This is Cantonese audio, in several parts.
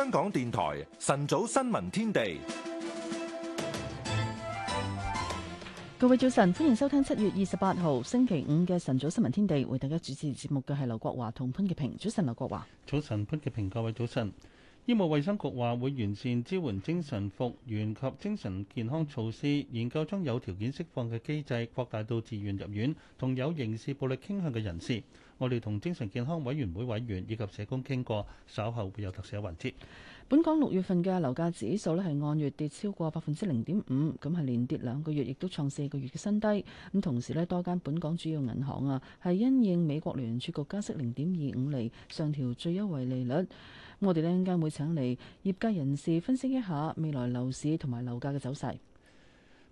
香港電台晨早新聞天地，各位早晨，歡迎收聽七月二十八號星期五嘅晨早新聞天地。為大家主持節目嘅係劉國華同潘潔平。早晨，劉國華。早晨，潘潔平。各位早晨。醫務衛生局話會完善支援精神復原及精神健康措施，研究將有條件釋放嘅機制擴大到自願入院同有刑事暴力傾向嘅人士。我哋同精神健康委員會委員以及社工傾過，稍後會有特寫環節。本港六月份嘅樓價指數呢，係按月跌超過百分之零點五，咁係連跌兩個月，亦都創四個月嘅新低。咁同時呢，多間本港主要銀行啊，係因應美國聯儲局加息零點二五厘，上調最優惠利率。我哋呢間會請嚟業界人士分析一下未來樓市同埋樓價嘅走勢。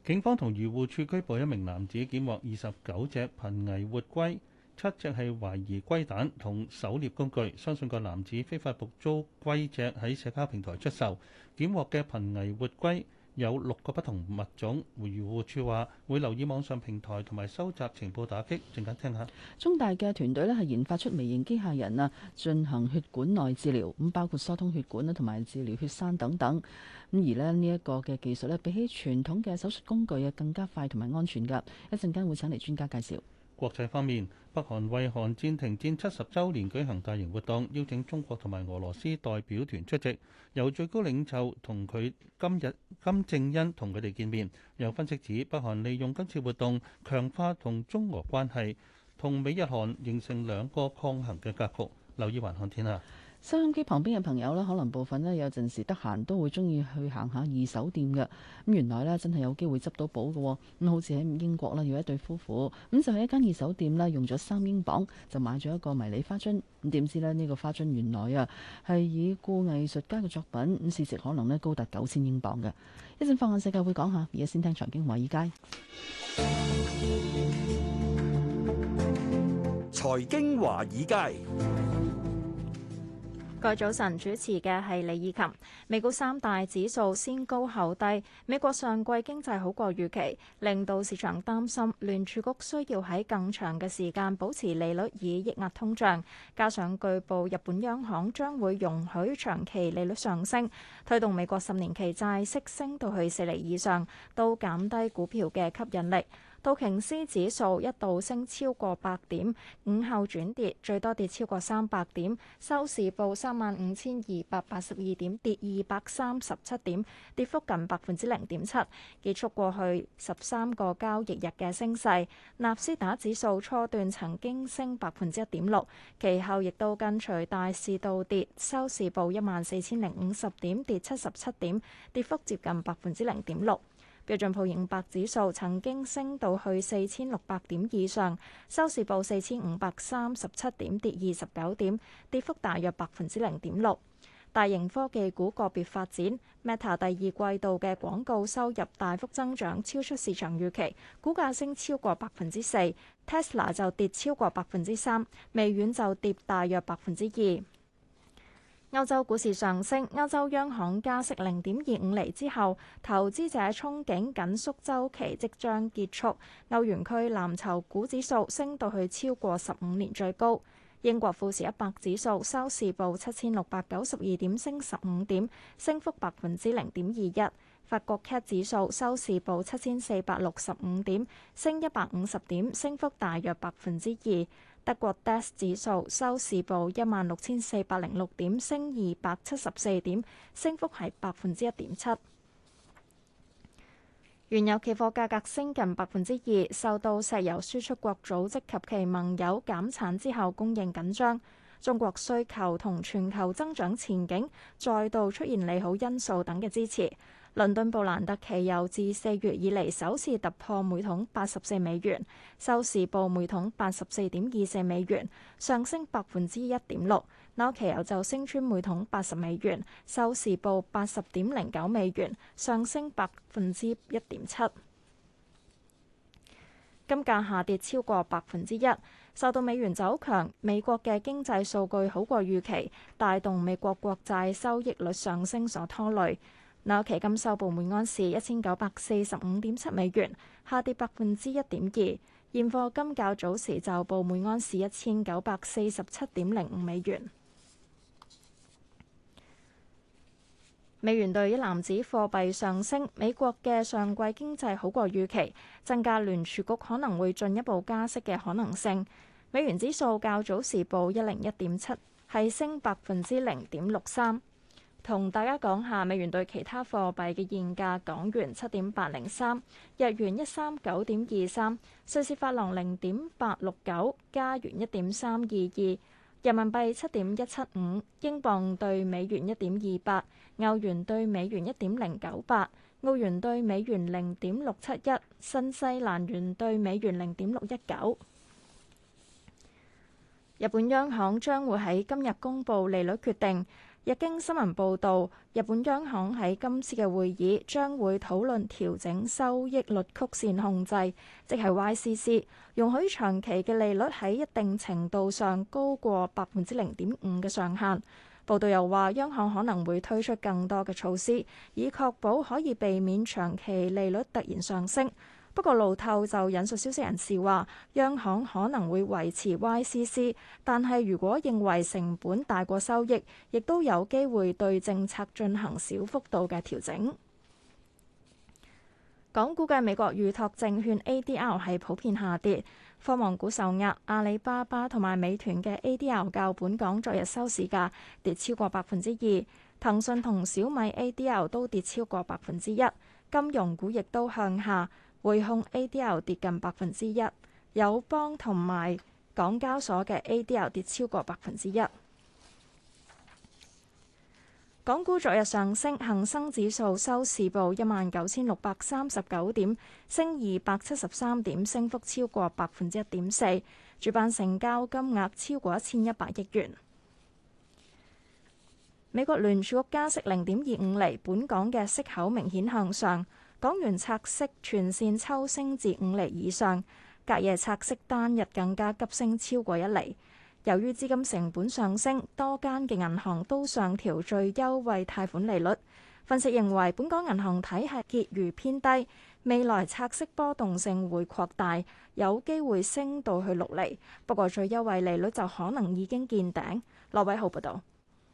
警方同漁護處拘捕一名男子，檢獲二十九隻瀕危活龜。七隻係懷疑龜蛋同狩獵工具，相信個男子非法捕捉龜隻喺社交平台出售。檢獲嘅瀕危活龜有六個不同物種。漁護署話會留意網上平台同埋收集情報，打擊。陣間聽下中大嘅團隊咧，係研發出微型機械人啊，進行血管內治療咁，包括疏通血管啦，同埋治療血栓等等。咁而咧呢一個嘅技術咧，比起傳統嘅手術工具啊，更加快同埋安全㗎。一陣間會請嚟專家介紹。國際方面，北韓為韓戰停戰七十周年舉行大型活動，邀請中國同埋俄羅斯代表團出席，由最高領袖同佢今日金正恩同佢哋見面。又分析指，北韓利用今次活動強化同中俄關係，同美日韓形成兩個抗衡嘅格局。留意環看天下。收音機旁邊嘅朋友呢，可能部分呢，有陣時得閒都會中意去行下二手店嘅。咁，原來呢，真係有機會執到寶嘅。咁，好似喺英國啦，有一對夫婦咁就喺一間二手店啦，用咗三英鎊就買咗一個迷你花樽，咁點知呢，呢、呢個花樽原來啊係已故藝術家嘅作品，咁市值可能呢，高達九千英鎊嘅。一陣放眼世界會講下，而家先聽財經華爾街，財經華爾街。今日早晨主持嘅係李以琴。美股三大指數先高後低。美國上季經濟好過預期，令到市場擔心聯儲局需要喺更長嘅時間保持利率以抑壓通脹，加上據報日本央行將會容許長期利率上升，推動美國十年期債息升到去四厘以上，都減低股票嘅吸引力。道瓊斯指數一度升超過百點，午後轉跌，最多跌超過三百點，收市報三萬五千二百八十二點，跌二百三十七點，跌幅近百分之零點七，結束過去十三個交易日嘅升勢。納斯達指數初段曾經升百分之一點六，其後亦都跟隨大市倒跌，收市報一萬四千零五十點，跌七十七點，跌幅接近百分之零點六。標準普爾五百指數曾經升到去四千六百點以上，收市報四千五百三十七點，跌二十九點，跌幅大約百分之零點六。大型科技股個別發展，Meta 第二季度嘅廣告收入大幅增長，超出市場預期，股價升超過百分之四；Tesla 就跌超過百分之三，微軟就跌大約百分之二。歐洲股市上升，歐洲央行加息零點二五厘之後，投資者憧憬緊縮週期即將結束。歐元區藍籌股指數升到去超過十五年最高。英國富時一百指數收市報七千六百九十二點，升十五點，升幅百分之零點二一。法國 CAC 指數收市報七千四百六十五點，升一百五十點，升幅大約百分之二。德國 DAX 指數收市報一萬六千四百零六點，升二百七十四點，升幅係百分之一點七。原油期貨價格升近百分之二，受到石油輸出國組織及其盟友減產之後供應緊張、中國需求同全球增長前景再度出現利好因素等嘅支持。倫敦布蘭特期油自四月以嚟，首次突破每桶八十四美元，收市報每桶八十四點二四美元，上升百分之一點六。紐約期油就升穿每桶八十美元，收市報八十點零九美元，上升百分之一點七。金價下跌超過百分之一，受到美元走強、美國嘅經濟數據好過預期、帶動美國國債收益率上升所拖累。紐約期金收報每盎司一千九百四十五點七美元，下跌百分之一點二。現貨金較早時就報每盎司一千九百四十七點零五美元。美元對一籃子貨幣上升，美國嘅上季經濟好過預期，增加聯儲局可能會進一步加息嘅可能性。美元指數較早時報一零一點七，係升百分之零點六三。同大家講下美元對其他貨幣嘅現價：港元七點八零三，日元一三九點二三，瑞士法郎零點八六九，加元一點三二二，人民幣七點一七五，英鎊對美元一點二八，歐元對美元一點零九八，澳元對美元零點六七一，新西蘭元對美元零點六一九。日本央行將會喺今日公布利率決定。日經新聞報導，日本央行喺今次嘅會議將會討論調整收益率曲線控制，即係 YCC，容許長期嘅利率喺一定程度上高過百分之零點五嘅上限。報道又話，央行可能會推出更多嘅措施，以確保可以避免長期利率突然上升。不過路透就引述消息人士話，央行可能會維持 YCC，但係如果認為成本大過收益，亦都有機會對政策進行小幅度嘅調整。港股嘅美國預託證券 ADR 係普遍下跌，科網股受壓，阿里巴巴同埋美團嘅 ADR 較本港昨日收市價跌超過百分之二，騰訊同小米 ADR 都跌超過百分之一，金融股亦都向下。匯控 A.D.R. 跌近百分之一，友邦同埋港交所嘅 A.D.R. 跌超過百分之一。港股昨日上升，恒生指數收市報一萬九千六百三十九點，升二百七十三點，升幅超過百分之一點四。主板成交金額超過一千一百億元。美國聯儲局加息零點二五厘，本港嘅息口明顯向上。港元拆息全線抽升至五厘以上，隔夜拆息單日更加急升超過一厘。由於資金成本上升，多間嘅銀行都上調最優惠貸款利率。分析認為本港銀行體系結餘偏低，未來拆息波動性會擴大，有機會升到去六厘，不過最優惠利率就可能已經見頂，羅偉豪報道。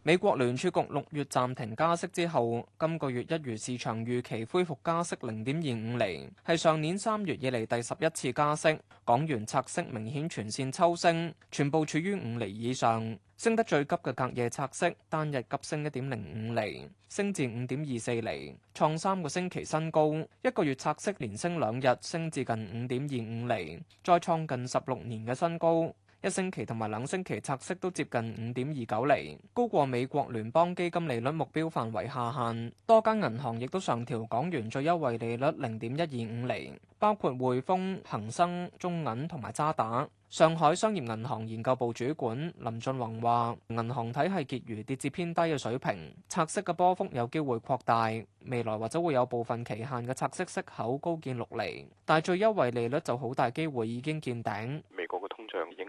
美國聯儲局六月暫停加息之後，今個月一如市場預期恢復加息零點二五厘，係上年三月以嚟第十一次加息。港元拆息明顯全線抽升，全部處於五厘以上，升得最急嘅隔夜拆息單日急升一點零五厘，升至五點二四厘，創三個星期新高。一個月拆息連升兩日，升至近五點二五厘，再創近十六年嘅新高。一星期同埋兩星期拆息都接近五點二九厘，高過美國聯邦基金利率目標範圍下限。多間銀行亦都上調港元最優惠利率零點一二五厘，包括匯豐、恒生、中銀同埋渣打。上海商業銀行研究部主管林俊宏話，銀行體系結餘跌至偏低嘅水平，拆息嘅波幅有機會擴大，未來或者會有部分期限嘅拆息息口高見六厘，但係最優惠利率就好大機會已經見頂。美國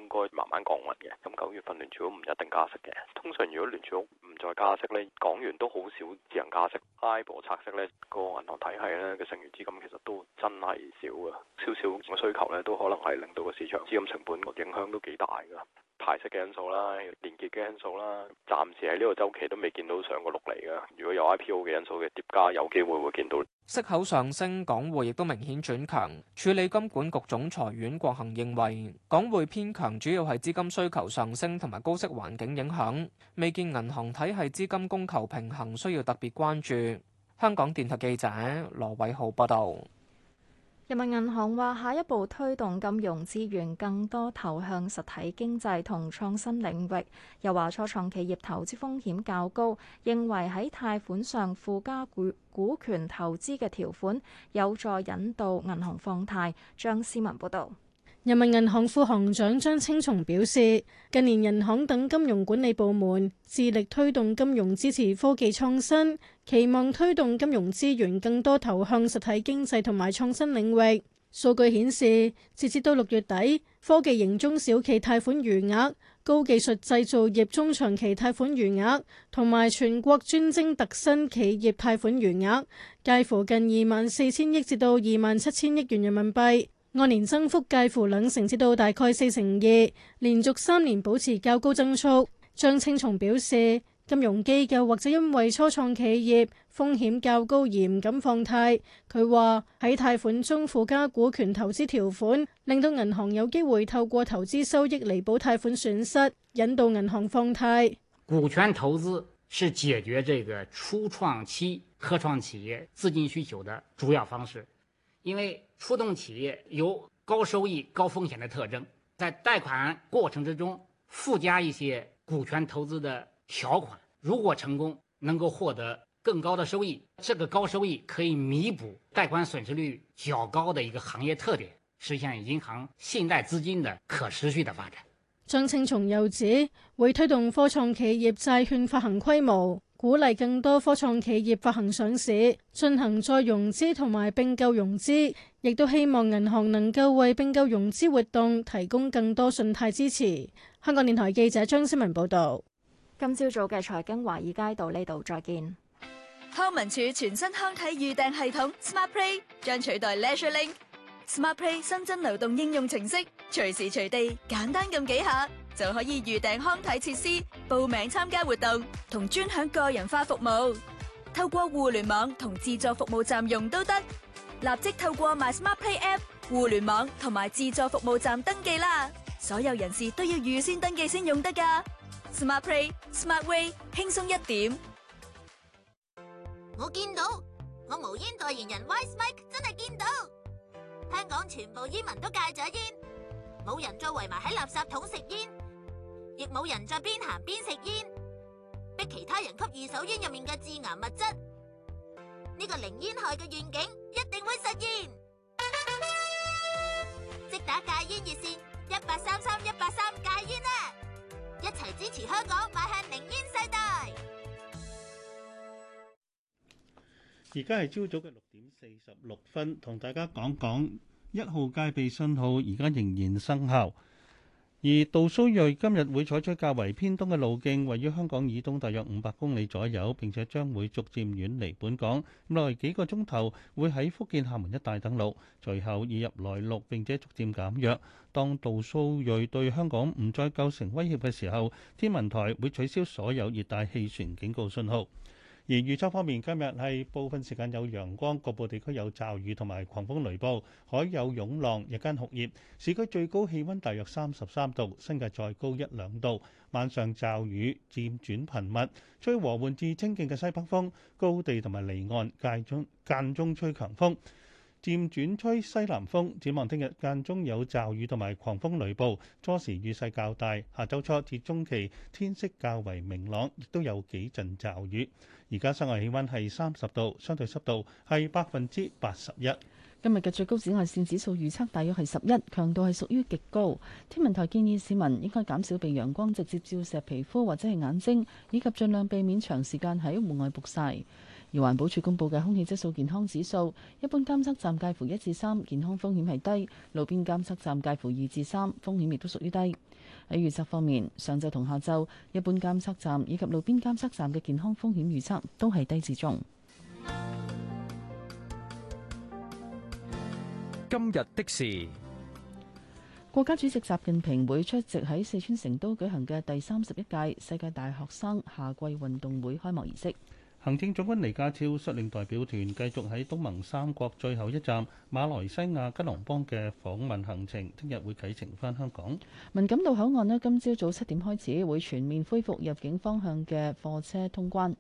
應該慢慢降溫嘅，咁九月份聯儲局唔一定加息嘅。通常如果聯儲局唔再加息呢，港元都好少自行加息。I 部拆息呢、個銀行體系呢嘅剩餘資金其實都真係少啊，少少嘅需求呢都可能係令到個市場資金成本個影響都幾大㗎。排息嘅因素啦，連結嘅因素啦，暫時喺呢個周期都未見到上過六釐㗎。如果有 IPO 嘅因素嘅疊加，有機會會見到息口上升。港匯亦都明顯轉強。署理金管局總裁阮國恆認為，港匯偏強主要係資金需求上升同埋高息環境影響，未見銀行體系資金供求平衡，需要特別關注。香港電台記者羅偉浩報道。人民銀行話下一步推動金融資源更多投向實體經濟同創新領域，又話初創企業投資風險較高，認為喺貸款上附加股股權投資嘅條款有助引導銀行放貸，張思文報道。人民銀行副行長張青松表示，近年人行等金融管理部門致力推動金融支持科技創新，期望推動金融資源更多投向實體經濟同埋創新領域。數據顯示，截至到六月底，科技型中小企貸款餘額、高技術製造業中長期貸款餘額同埋全國專精特新企業貸款餘額，介乎近二萬四千億至到二萬七千億元人民幣。按年增幅介乎兩成至到大概四成二，連續三年保持較高增速。張青松表示，金融機構或者因為初創企業風險較高而唔敢放貸，佢話喺貸款中附加股權投資條款，令到銀行有機會透過投資收益彌補貸款損失，引導銀行放貸。股權投資，是解決這個初創期、科創企業資金需求的主要方式。因為初創企業有高收益、高風險的特徵，在貸款過程之中附加一些股權投資的條款，如果成功能夠獲得更高的收益，這個高收益可以彌補貸款損失率較高的一個行業特點，實現銀行信貸資金的可持續的發展。張青松又指，會推動科創企業債券發行規模。鼓勵更多科創企業發行上市，進行再融資同埋併購融資，亦都希望銀行能夠為併購融資活動提供更多信貸支持。香港電台記者張思文報道。今朝早嘅財經華爾街到呢度再見。康文署全新康體預訂系統 Smart Play 將取代 Leisure Link。Smart Play 新增流動應用程式，隨時隨地簡單撳幾下。就可以預訂康體設施、報名參加活動同專享個人化服務。透過互聯網同自助服務站用都得，立即透過 My Smart Play App、互聯網同埋自助服務站登記啦。所有人士都要預先登記先用得㗎。Smart Play，Smart Way，輕鬆一點。我見到我無煙代言人 White Mike 真係見到，香港全部煙民都戒咗煙，冇人再圍埋喺垃圾桶食煙。亦冇人在邊行邊食煙，逼其他人吸二手煙入面嘅致癌物質，呢個零煙害嘅願景一定會實現。即打戒煙熱線一八三三一八三戒煙啦，一齊支持香港邁向零煙世代。而家係朝早嘅六點四十六分，同大家講講一號戒備信號，而家仍然生效。而杜蘇芮今日會採取較為偏東嘅路徑，位於香港以東大約五百公里左右，並且將會逐漸遠離本港。未來幾個鐘頭會喺福建廈門一帶登陸，隨後移入內陸，並且逐漸減弱。當杜蘇芮對香港唔再構成威脅嘅時候，天文台會取消所有熱帶氣旋警告信號。而預測方面，今日係部分時間有陽光，局部地區有驟雨同埋狂風雷暴，海有湧浪，日間酷熱，市區最高氣温大約三十三度，新界再高一兩度。晚上驟雨漸轉頻密，吹和緩至清勁嘅西北風，高地同埋離岸間中間中吹強風。漸轉吹西南風，展望聽日間中有驟雨同埋狂風雷暴，初時雨勢較大。下周初至中期天色較為明朗，亦都有幾陣驟雨。而家室外氣溫係三十度，相對濕度係百分之八十一。今日嘅最高紫外線指數預測大約係十一，強度係屬於極高。天文台建議市民應該減少被陽光直接照射皮膚或者係眼睛，以及盡量避免長時間喺戶外曝曬。而環保署公布嘅空氣質素健康指數，一般監測站介乎一至三，健康風險係低；路邊監測站介乎二至三，風險亦都屬於低。喺預測方面，上晝同下晝，一般監測站以及路邊監測站嘅健康風險預測都係低至中。今日的事，國家主席習近平會出席喺四川成都舉行嘅第三十一屆世界大學生夏季運動會開幕儀式。行政長官李家超率領代表團繼續喺東盟三國最後一站馬來西亞吉隆坡嘅訪問行程，聽日會啟程返香港。文錦渡口岸呢，今朝早七點開始會全面恢復入境方向嘅貨車通關。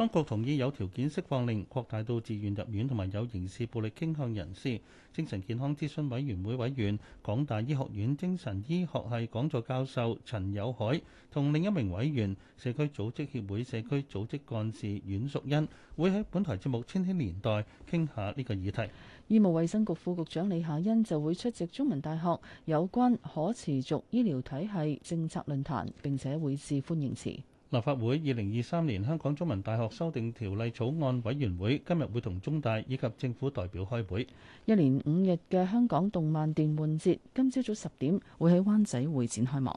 當局同意有條件釋放令擴大到自願入院同埋有刑事暴力傾向人士。精神健康諮詢委員會委員、港大醫學院精神醫學系講座教授陳友凱同另一名委員、社區組織協會社區組織幹事阮淑欣會喺本台節目《千禧年代》傾下呢個議題。醫務衛生局副局長李夏欣就會出席中文大學有關可持續醫療體系政策論壇，並且會致歡迎詞。立法會二零二三年香港中文大學修訂條例草案委員會今日會同中大以及政府代表開會。一連五日嘅香港動漫電玩節，今朝早十點會喺灣仔會展開幕。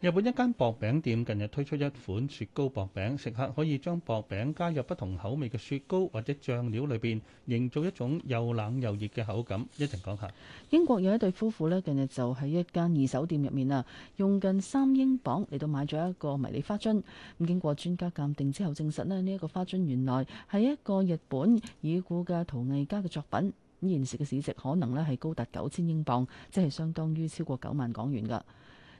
日本一間薄餅店近日推出一款雪糕薄餅，食客可以將薄餅加入不同口味嘅雪糕或者醬料裏邊，營造一種又冷又熱嘅口感。一陣講下，英國有一對夫婦咧，近日就喺一間二手店入面啊，用近三英鎊嚟到買咗一個迷你花樽。咁經過專家鑑定之後，證實咧呢一個花樽原來係一個日本已故嘅陶藝家嘅作品。咁現時嘅市值可能咧係高達九千英鎊，即係相當於超過九萬港元噶。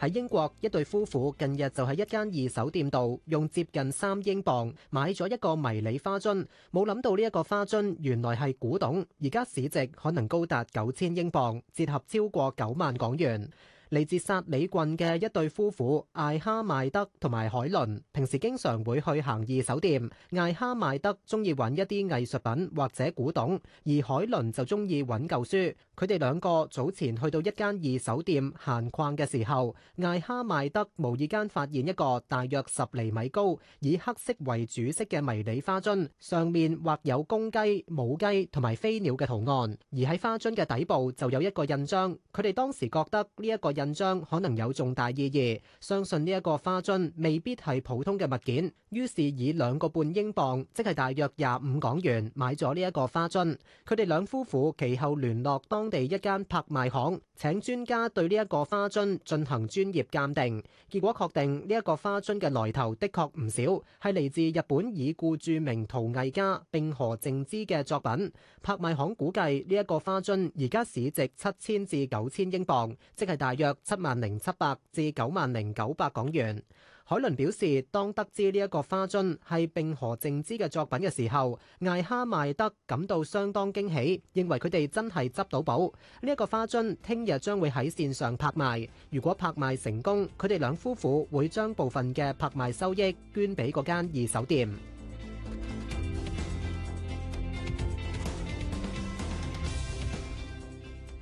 喺英國，一對夫婦近日就喺一間二手店度，用接近三英鎊買咗一個迷你花樽，冇諗到呢一個花樽原來係古董，而家市值可能高達九千英鎊，折合超過九萬港元。嚟自薩里郡嘅一對夫婦艾哈邁德同埋海倫，平時經常會去行二手店。艾哈邁德中意搵一啲藝術品或者古董，而海倫就中意搵舊書。佢哋兩個早前去到一間二手店閒逛嘅時候，艾哈邁德無意間發現一個大約十厘米高、以黑色為主色嘅迷你花樽，上面畫有公雞、母雞同埋飛鳥嘅圖案，而喺花樽嘅底部就有一個印章。佢哋當時覺得呢、這、一個。印章可能有重大意義，相信呢一個花樽未必係普通嘅物件，於是以兩個半英鎊，即係大約廿五港元買咗呢一個花樽。佢哋兩夫婦其後聯絡當地一間拍賣行，請專家對呢一個花樽進行專業鑑定。結果確定呢一個花樽嘅來頭的確唔少，係嚟自日本已故著名陶藝家並河正之嘅作品。拍賣行估計呢一個花樽而家市值七千至九千英鎊，即係大約。七萬零七百至九萬零九百港元。海倫表示，當得知呢一個花樽係並河靖之嘅作品嘅時候，艾哈麥德感到相當驚喜，認為佢哋真係執到寶。呢、這、一個花樽聽日將會喺線上拍賣，如果拍賣成功，佢哋兩夫婦會將部分嘅拍賣收益捐俾嗰間二手店。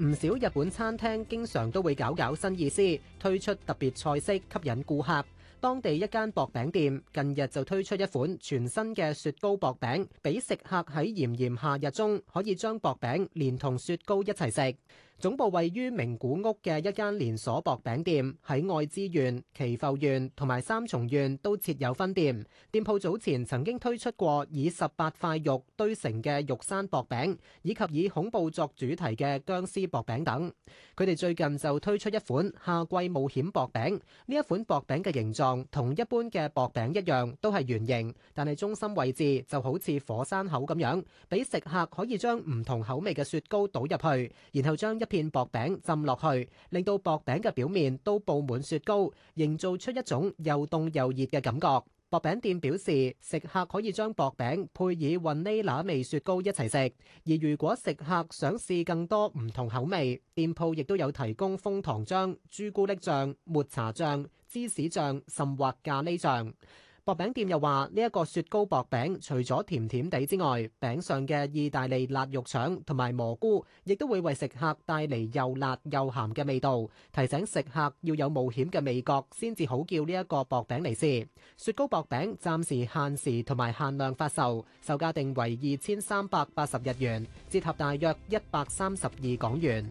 唔少日本餐廳經常都會搞搞新意思，推出特別菜式吸引顧客。當地一間薄餅店近日就推出一款全新嘅雪糕薄餅，俾食客喺炎炎夏日中可以將薄餅連同雪糕一齊食。總部位於名古屋嘅一間連鎖薄餅店，喺愛知縣、岐阜縣同埋三重縣都設有分店。店鋪早前曾經推出過以十八塊肉堆成嘅肉山薄餅，以及以恐怖作主題嘅殭屍薄餅等。佢哋最近就推出一款夏季冒險薄餅。呢一款薄餅嘅形狀同一般嘅薄餅一樣，都係圓形，但係中心位置就好似火山口咁樣，俾食客可以將唔同口味嘅雪糕倒入去，然後將一。一片薄餅浸落去，令到薄餅嘅表面都佈滿雪糕，營造出一種又凍又熱嘅感覺。薄餅店表示，食客可以將薄餅配以雲呢拿味雪糕一齊食，而如果食客想試更多唔同口味，店鋪亦都有提供蜂糖漿、朱古力醬、抹茶醬、芝士醬，甚或咖喱醬。薄餅店又話：呢一個雪糕薄餅除咗甜甜地之外，餅上嘅意大利辣肉腸同埋蘑菇，亦都會為食客帶嚟又辣又鹹嘅味道。提醒食客要有冒險嘅味覺先至好叫呢一個薄餅嚟試。雪糕薄餅暫時限時同埋限量發售，售價定為二千三百八十日元，折合大約一百三十二港元。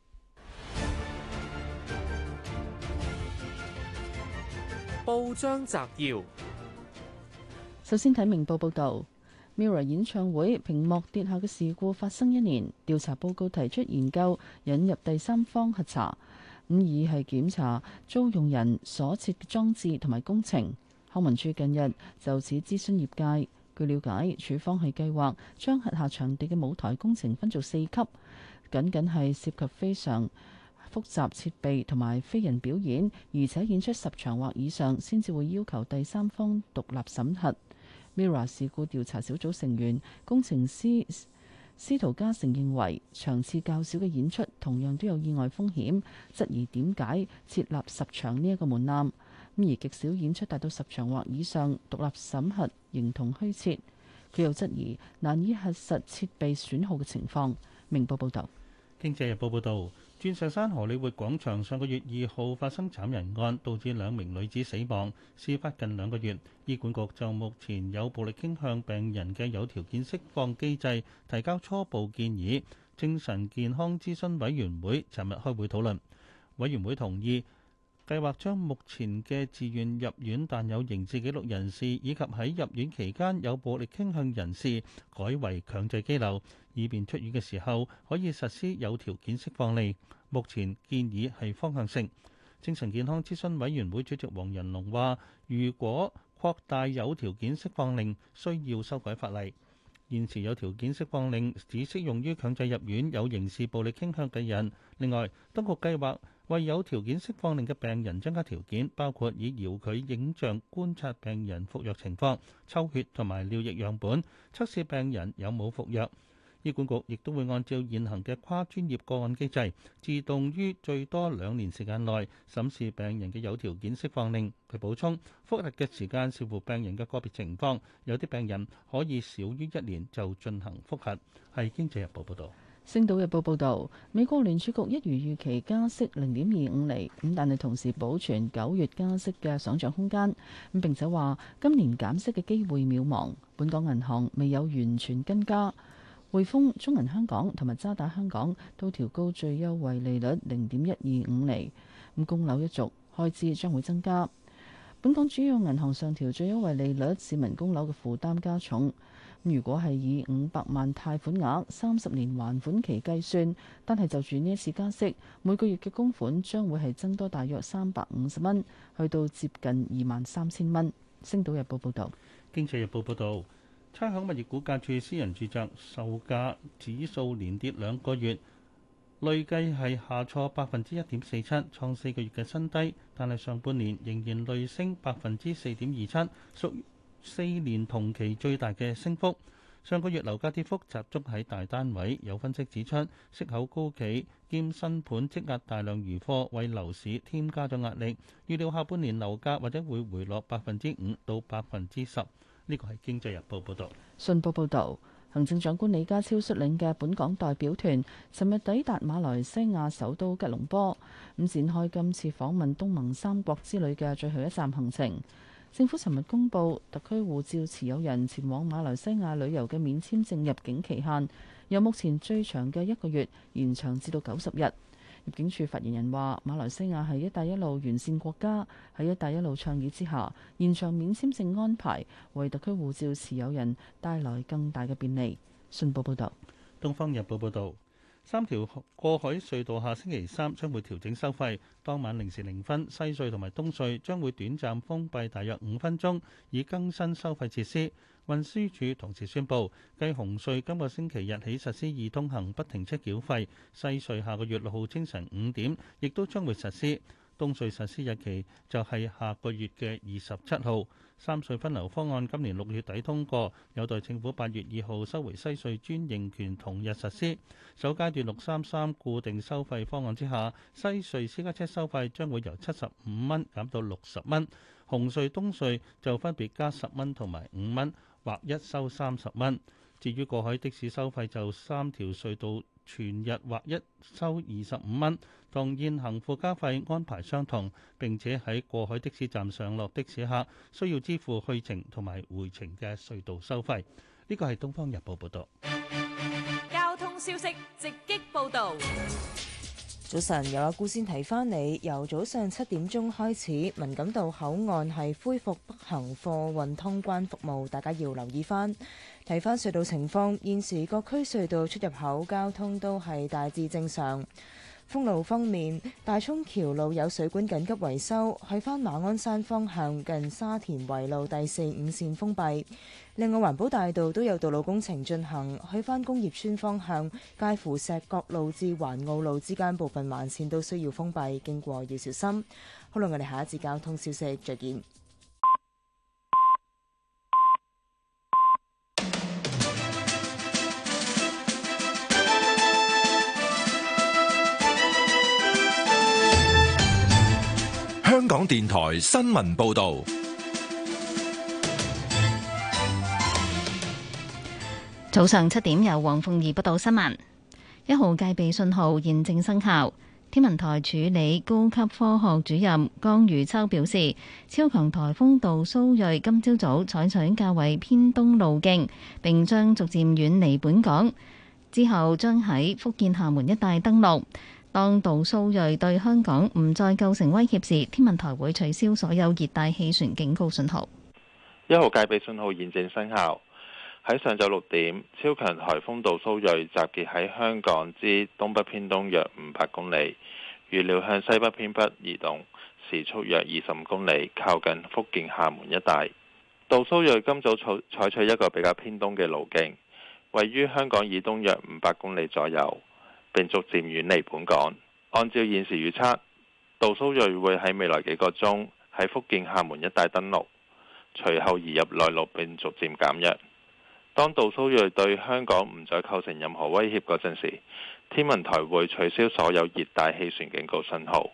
報章摘要首先睇明報報道，Mirror 演唱會屏幕跌下嘅事故發生一年，調查報告提出研究引入第三方核查，咁二係檢查租用人所設嘅裝置同埋工程。康文署近日就此諮詢業界，據了解，署方係計劃將核下場地嘅舞台工程分做四級，僅僅係涉及非常。複雜設備同埋非人表演，而且演出十場或以上，先至會要求第三方獨立審核。MIRROR 事故調查小組成員工程師司徒嘉誠認為，場次較少嘅演出同樣都有意外風險，質疑點解設立十場呢一個門檻？而極少演出達到十場或以上，獨立審核形同虛設。佢又質疑難以核實設備損耗嘅情況。明報報道，《經濟日報》報道。鑽石山荷里活廣場上個月二號發生斬人案，導致兩名女子死亡。事發近兩個月，醫管局就目前有暴力傾向病人嘅有條件釋放機制提交初步建議，精神健康諮詢委員會尋日開會討論，委員會同意。計劃將目前嘅自願入院但有刑事紀錄人士，以及喺入院期間有暴力傾向人士，改為強制拘留，以便出院嘅時候可以實施有條件釋放令。目前建議係方向性。精神健康諮詢委員會主席黃仁龍話，如果擴大有條件釋放令，需要修改法例。現時有條件釋放令只適用於強制入院有刑事暴力傾向嘅人。另外，當局計劃，為有條件釋放令嘅病人增加條件，包括以遙距影像觀察病人服藥情況、抽血同埋尿液樣本測試病人有冇服藥。醫管局亦都會按照現行嘅跨專業個案機制，自動於最多兩年時間內審視病人嘅有條件釋放令。佢補充，複核嘅時間視乎病人嘅個別情況，有啲病人可以少於一年就進行複核。係《經濟日報》報導。星島日報報道，美國聯儲局一如預期加息零點二五厘，咁但係同時保存九月加息嘅想像空間，並且話今年減息嘅機會渺茫。本港銀行未有完全跟加，匯豐、中銀香港同埋渣打香港都調高最優惠利率零點一二五厘，咁供樓一族開支將會增加。本港主要銀行上調最優惠利率，市民供樓嘅負擔加重。如果係以五百萬貸款額、三十年還款期計算，但係就住呢一次加息，每個月嘅供款將會係增多大約三百五十蚊，去到接近二萬三千蚊。星島日報報道。經濟日報報道，差餉物業估價署私人住宅售價指數連跌兩個月，累計係下挫百分之一點四七，創四個月嘅新低。但係上半年仍然累升百分之四點二七，屬於四年同期最大嘅升幅，上個月樓價跌幅集中喺大單位，有分析指出，息口高企兼新盤積壓大量餘貨，為樓市添加咗壓力。預料下半年樓價或者會回落百分之五到百分之十。呢個係經濟日報報道。信報報道，行政長官李家超率領嘅本港代表團尋日抵達馬來西亞首都吉隆坡，咁展開今次訪問東盟三國之旅嘅最後一站行程。政府尋日公布，特區護照持有人前往馬來西亞旅遊嘅免簽證入境期限，由目前最長嘅一個月延長至到九十日。入境處發言人話：馬來西亞係「一帶一路」沿線國家，喺「一帶一路」倡議之下，延長免簽證安排，為特區護照持有人帶來更大嘅便利。信報報導，《東方日報》報導。三條過海隧道下星期三將會調整收費，當晚零時零分，西隧同埋東隧將會短暫封閉大約五分鐘，以更新收費設施。運輸署同時宣布，繼紅隧今個星期日起實施易通行不停車繳費，西隧下個月六號清晨五點亦都將會實施，東隧實施日期就係下個月嘅二十七號。三隧分流方案今年六月底通過，有待政府八月二號收回西隧專營權，同日實施。首階段六三三固定收費方案之下，西隧私家車收費將會由七十五蚊減到六十蚊，紅隧、東隧就分別加十蚊同埋五蚊，或一收三十蚊。至於過海的士收費就三條隧道。全日或一收二十五蚊，同現行附加費安排相同。並且喺過海的士站上落的士客，需要支付去程同埋回程嘅隧道收費，呢個係東方日報報道。交通消息直擊報道。早晨，有阿姑先提翻你，由早上七點鐘開始，文錦道口岸係恢復北行貨運通關服務，大家要留意翻。睇翻隧道情況，現時各區隧道出入口交通都係大致正常。封路方面，大涌橋路有水管緊急維修，去翻馬鞍山方向近沙田圍路第四五綫封閉。另外，環保大道都有道路工程進行，去翻工業村方向介乎石角路至環澳路之間部分慢綫都需要封閉，經過要小心。好啦，我哋下一節交通消息再見。香港電台新聞報道，早上七點由黃鳳儀報道新聞。一號戒備信號現正生效。天文台助理高級科學主任江如秋表示，超強台風度蘇瑞今朝早採取較為偏東路徑，並將逐漸遠離本港，之後將喺福建廈門一帶登陸。當杜蘇芮對香港唔再構成威脅時，天文台會取消所有熱帶氣旋警告信號。一號戒備信號現正生效。喺上晝六點，超強台風杜蘇芮集結喺香港之東北偏東約五百公里，預料向西北偏北移動，時速約二十五公里，靠近福建廈門一帶。杜蘇芮今早採採取一個比較偏東嘅路徑，位於香港以東約五百公里左右。並逐漸遠離本港。按照現時預測，杜蘇芮會喺未來幾個鐘喺福建廈門一帶登陸，隨後移入內陸並逐漸減弱。當杜蘇芮對香港唔再構成任何威脅嗰陣時，天文台會取消所有熱帶氣旋警告信號。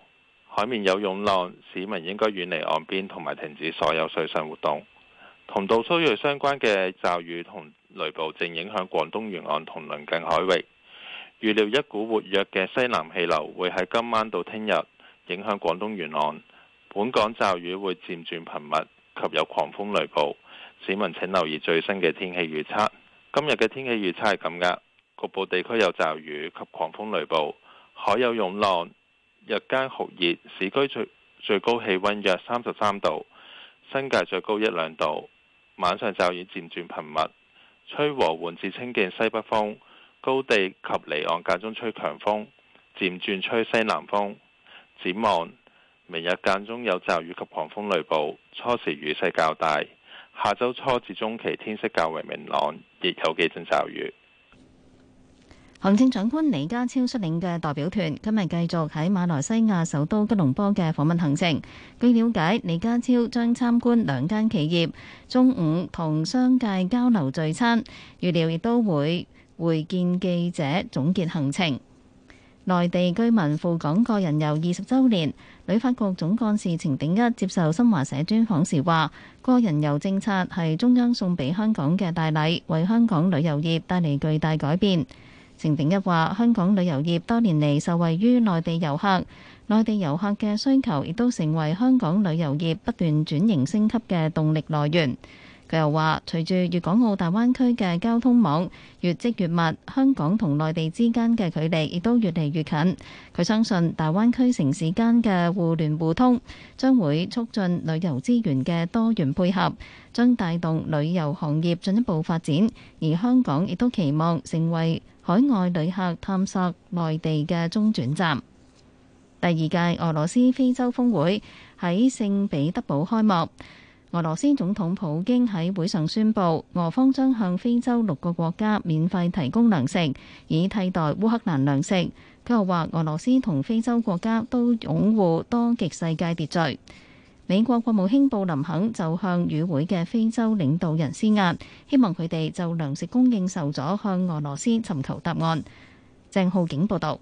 海面有湧浪，市民應該遠離岸邊同埋停止所有水上活動。同杜蘇芮相關嘅驟雨同雷暴正影響廣東沿岸同鄰近海域。預料一股活躍嘅西南氣流會喺今晚到聽日影響廣東沿岸，本港驟雨會漸轉頻密及有狂風雷暴，市民請留意最新嘅天氣預測。今日嘅天氣預測係咁噶，局部地區有驟雨及狂風雷暴，海有湧浪，日間酷熱，市區最最高氣溫約三十三度，新界最高一兩度。晚上驟雨漸轉頻密，吹和緩至清勁西北風。高地及離岸間中吹強風，漸轉吹西南風。展望明日間中有驟雨及狂風雷暴，初時雨勢較大。下周初至中期天色較為明朗，亦有幾陣驟雨。行政長官李家超率領嘅代表團今日繼續喺馬來西亞首都吉隆坡嘅訪問行程。據了解，李家超將參觀兩間企業，中午同商界交流聚餐，預料亦都會，會見記者總結行程，內地居民赴港個人遊二十週年，旅發局總幹事程鼎一接受新華社專訪時話：個人遊政策係中央送俾香港嘅大禮，為香港旅遊業帶嚟巨大改變。程鼎一話：香港旅遊業多年嚟受惠於內地遊客，內地遊客嘅需求亦都成為香港旅遊業不斷轉型升級嘅動力來源。佢又話：隨住粵港澳大灣區嘅交通網越積越密，香港同內地之間嘅距離亦都越嚟越近。佢相信大灣區城市間嘅互聯互通，將會促進旅遊資源嘅多元配合，將帶動旅遊行業進一步發展。而香港亦都期望成為海外旅客探索內地嘅中轉站。第二屆俄羅斯非洲峰會喺聖彼得堡開幕。俄羅斯總統普京喺會上宣佈，俄方將向非洲六個國家免費提供糧食，以替代烏克蘭糧食。佢又話，俄羅斯同非洲國家都擁護多極世界秩序。美國國務卿布林肯就向與會嘅非洲領導人施壓，希望佢哋就糧食供應受阻向俄羅斯尋求答案。鄭浩景報道。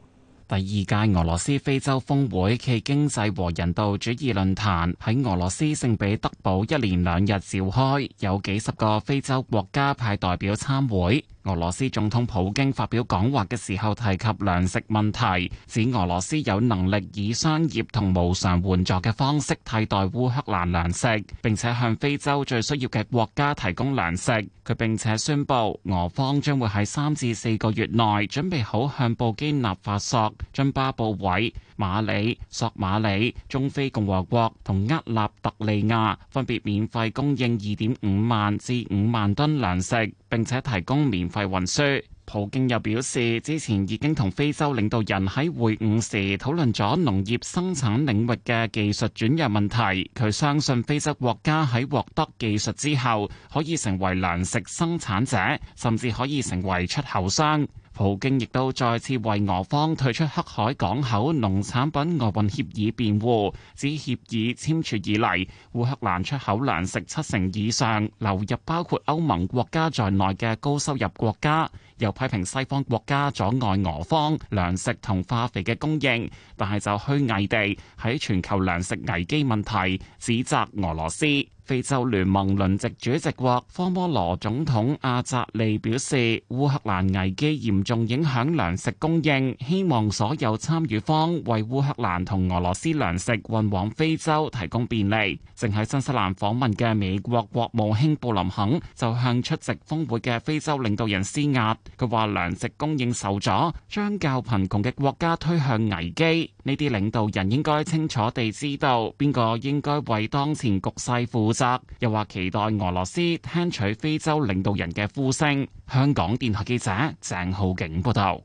第二屆俄羅斯非洲峰會暨經濟和人道主義論壇喺俄羅斯聖彼得堡一連兩日召開，有幾十個非洲國家派代表參會。俄羅斯總統普京發表講話嘅時候提及糧食問題，指俄羅斯有能力以商業同無償援助嘅方式替代烏克蘭糧食，並且向非洲最需要嘅國家提供糧食。佢並且宣佈，俄方將會喺三至四個月內準備好向布基納法索、津巴布韋、馬里、索馬里、中非共和國同厄立特利亞分別免費供應二點五萬至五萬噸糧食。並且提供免費運輸，普京又表示，之前已經同非洲領導人喺會晤時討論咗農業生產領域嘅技術轉讓問題，佢相信非洲國家喺獲得技術之後可以成為糧食生產者，甚至可以成為出口商。普京亦都再次為俄方退出黑海港口農產品外運協議辯護，指協議簽署以嚟，烏克蘭出口糧食七成以上流入包括歐盟國家在內嘅高收入國家，又批評西方國家阻礙俄方糧食同化肥嘅供應，但係就虛偽地喺全球糧食危機問題指責俄羅斯。非洲聯盟輪值主席國科摩羅總統阿扎利表示，烏克蘭危機嚴重影響糧食供應，希望所有參與方為烏克蘭同俄羅斯糧食運往非洲提供便利。正喺新西蘭訪問嘅美國國務卿布林肯就向出席峰會嘅非洲領導人施壓，佢話糧食供應受阻，將較貧窮嘅國家推向危機，呢啲領導人應該清楚地知道邊個應該為當前局勢負。又話期待俄羅斯聽取非洲領導人嘅呼聲。香港電台記者鄭浩景報道。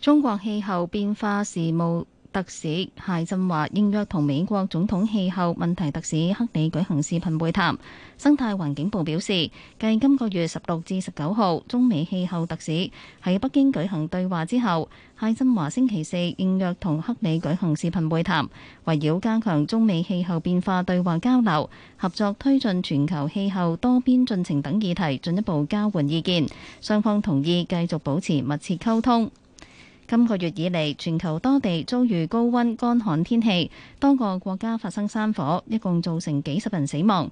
中國氣候變化事務特使解振華應約同美國總統氣候問題特使克里舉行視頻會談。生態環境部表示，繼今個月十六至十九號中美氣候特使喺北京舉行對話之後，解振華星期四應約同克里舉行視頻會談，圍繞加強中美氣候變化對話交流、合作推進全球氣候多邊進程等議題，進一步交換意見。雙方同意繼續保持密切溝通。今個月以嚟，全球多地遭遇高溫乾旱天氣，多個國家發生山火，一共造成幾十人死亡。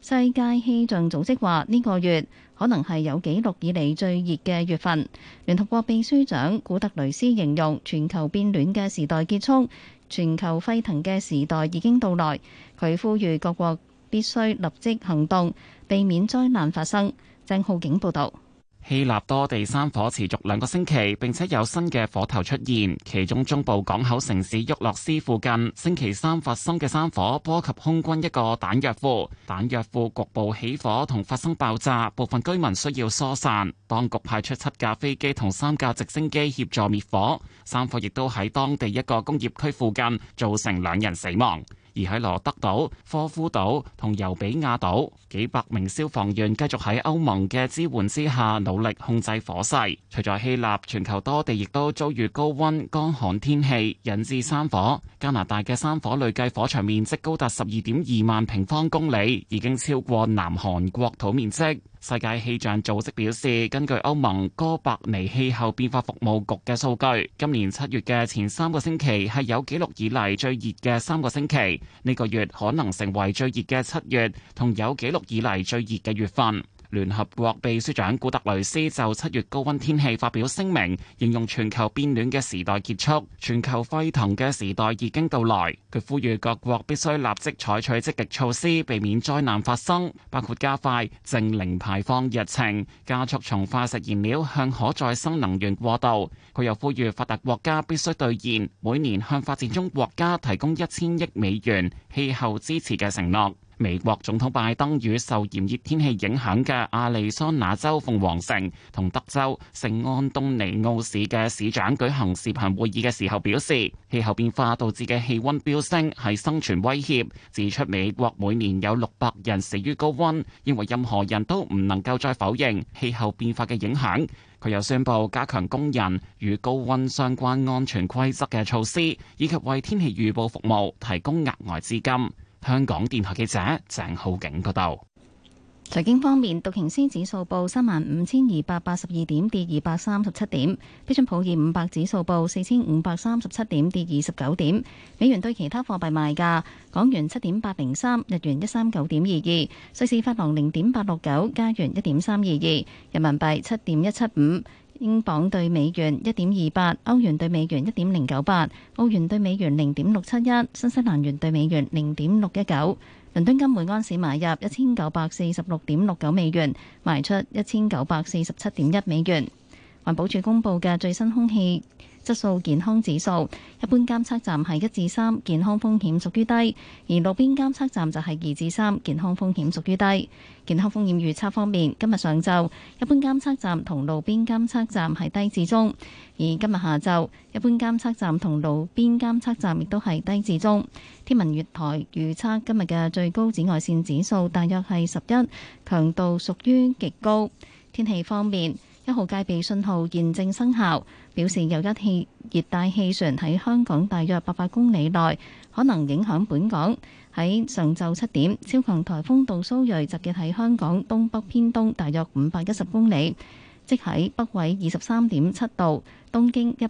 世界氣象組織話，呢、這個月可能係有紀錄以嚟最熱嘅月份。聯合國秘書長古特雷斯形容，全球變暖嘅時代結束，全球沸騰嘅時代已經到來。佢呼籲各國必須立即行動，避免災難發生。鄭浩景報導。希臘多地山火持續兩個星期，並且有新嘅火頭出現，其中中部港口城市沃洛斯附近，星期三發生嘅山火波及空軍一個彈藥庫，彈藥庫局部起火同發生爆炸，部分居民需要疏散。當局派出七架飛機同三架直升機協助滅火，山火亦都喺當地一個工業區附近造成兩人死亡。而喺羅德島、科夫島同尤比亞島，幾百名消防員繼續喺歐盟嘅支援之下努力控制火勢。除咗希臘，全球多地亦都遭遇高溫乾旱天氣，引致山火。加拿大嘅山火累計火場面積高達十二點二萬平方公里，已經超過南韓國土面積。世界氣象組織表示，根據歐盟哥白尼氣候變化服務局嘅數據，今年七月嘅前三個星期係有記錄以嚟最熱嘅三個星期，呢個月可能成為最熱嘅七月，同有記錄以嚟最熱嘅月份。聯合國秘書長古特雷斯就七月高温天氣發表聲明，形容全球變暖嘅時代結束，全球沸騰嘅時代已經到來，佢呼籲各國必須立即採取積極措施，避免災難發生，包括加快淨零排放日程，加速從化石燃料向可再生能源過渡。佢又呼籲發達國家必須兌現每年向發展中國家提供一千億美元氣候支持嘅承諾。美國總統拜登與受炎熱天氣影響嘅亞利桑那州鳳凰城同德州聖安東尼奧市嘅市長舉行視頻會議嘅時候表示，氣候變化導致嘅氣溫飆升係生存威脅，指出美國每年有六百人死於高溫，認為任何人都唔能夠再否認氣候變化嘅影響。佢又宣布加強工人與高溫相關安全規則嘅措施，以及為天氣預報服務提供額外資金。香港電台記者鄭浩景報道。財經方面，道瓊斯指數報三萬五千二百八十二點，跌二百三十七點。標準普爾五百指數報四千五百三十七點，跌二十九點。美元對其他貨幣賣價：港元七點八零三，日元一三九點二二，瑞士法郎零點八六九，加元一點三二二，人民幣七點一七五。英鎊兌美元一點二八，歐元兌美元一點零九八，澳元兌美元零點六七一，新西蘭元兌美元零點六一九。倫敦金每安士買入一千九百四十六點六九美元，賣出一千九百四十七點一美元。環保署公布嘅最新空氣質素健康指數，一般監測站係一至三，健康風險屬於低；而路邊監測站就係二至三，健康風險屬於低。健康風險預測方面，今日上晝一般監測站同路邊監測站係低至中，而今日下晝一般監測站同路邊監測站亦都係低至中。天文月台預測今日嘅最高紫外線指數大約係十一，強度屬於極高。天氣方面。一號戒備信號驗正生效，表示有一氣熱帶氣旋喺香港大約八百公里內，可能影響本港。喺上晝七點，超強颱風杜蘇瑞，襲擊喺香港東北偏東大約五百一十公里，即喺北緯二十三點七度，東京。一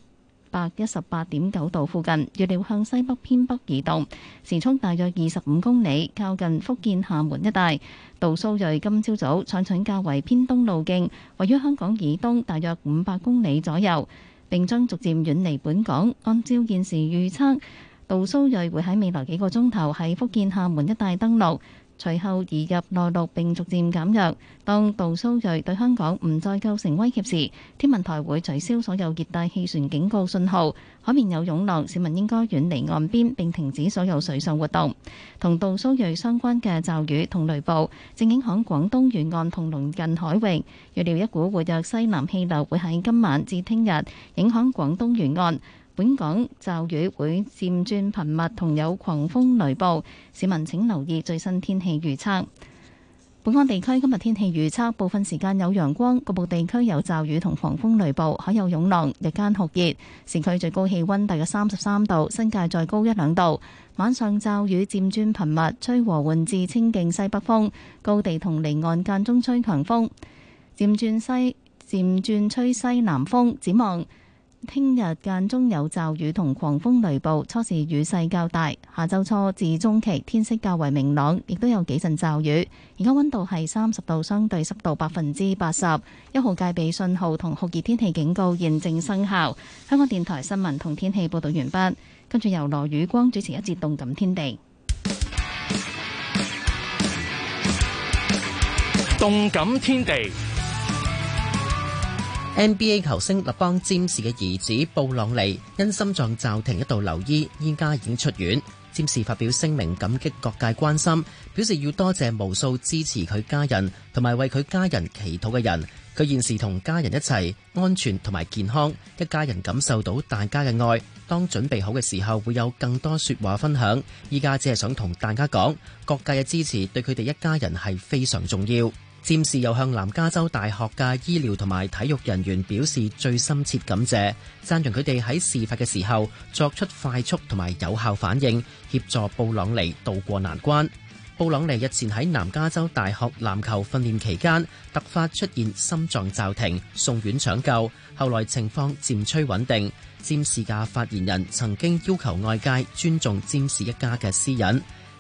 百一十八點九度附近，預料向西北偏北移動，時速大約二十五公里，靠近福建廈門一帶。杜蘇芮今朝早採取較為偏東路徑，位於香港以東大約五百公里左右，並將逐漸遠離本港。按照現時預測，杜蘇芮會喺未來幾個鐘頭喺福建廈門一帶登陸。隨後移入內陸，並逐漸減弱。當杜蘇芮對香港唔再構成威脅時，天文台會取消所有熱帶氣旋警告信號。海面有湧浪，市民應該遠離岸邊並停止所有水上活動。同杜蘇芮相關嘅驟雨同雷暴正影響廣東沿岸同鄰近海域。預料一股活躍西南氣流會喺今晚至聽日影響廣東沿岸。本港驟雨會漸轉頻密，同有狂風雷暴，市民請留意最新天氣預測。本港地區今日天，天氣預測，部分時間有陽光，局部地區有驟雨同狂風雷暴，海有湧浪，日間酷熱，市區最高氣温大約三十三度，新界再高一兩度。晚上驟雨漸轉頻密，吹和緩至清勁西北風，高地同離岸間中吹強風，漸轉西漸轉吹西南風。展望。聽日間中有驟雨同狂風雷暴，初時雨勢較大。下周初至中期天色較為明朗，亦都有幾陣驟雨。而家溫度係三十度，相對濕度百分之八十。一號戒備信號同酷熱天氣警告現正生效。香港電台新聞同天氣報道完畢。跟住由羅宇光主持一節動感天地。動感天地。動感天地 NBA 球星立邦詹士嘅兒子布朗尼因心臟驟停一度留醫，依家已經出院。詹士發表聲明感激各界關心，表示要多謝無數支持佢家人同埋為佢家人祈禱嘅人。佢現時同家人一齊安全同埋健康，一家人感受到大家嘅愛。當準備好嘅時候會有更多說話分享，依家只係想同大家講，各界嘅支持對佢哋一家人係非常重要。佔士又向南加州大學嘅醫療同埋體育人員表示最深切感謝，讚揚佢哋喺事發嘅時候作出快速同埋有效反應，協助布朗尼渡過難關。布朗尼日前喺南加州大學籃球訓練期間突發出現心臟驟停，送院搶救，後來情況漸趨穩定。佔士嘅發言人曾經要求外界尊重佔士一家嘅私隱。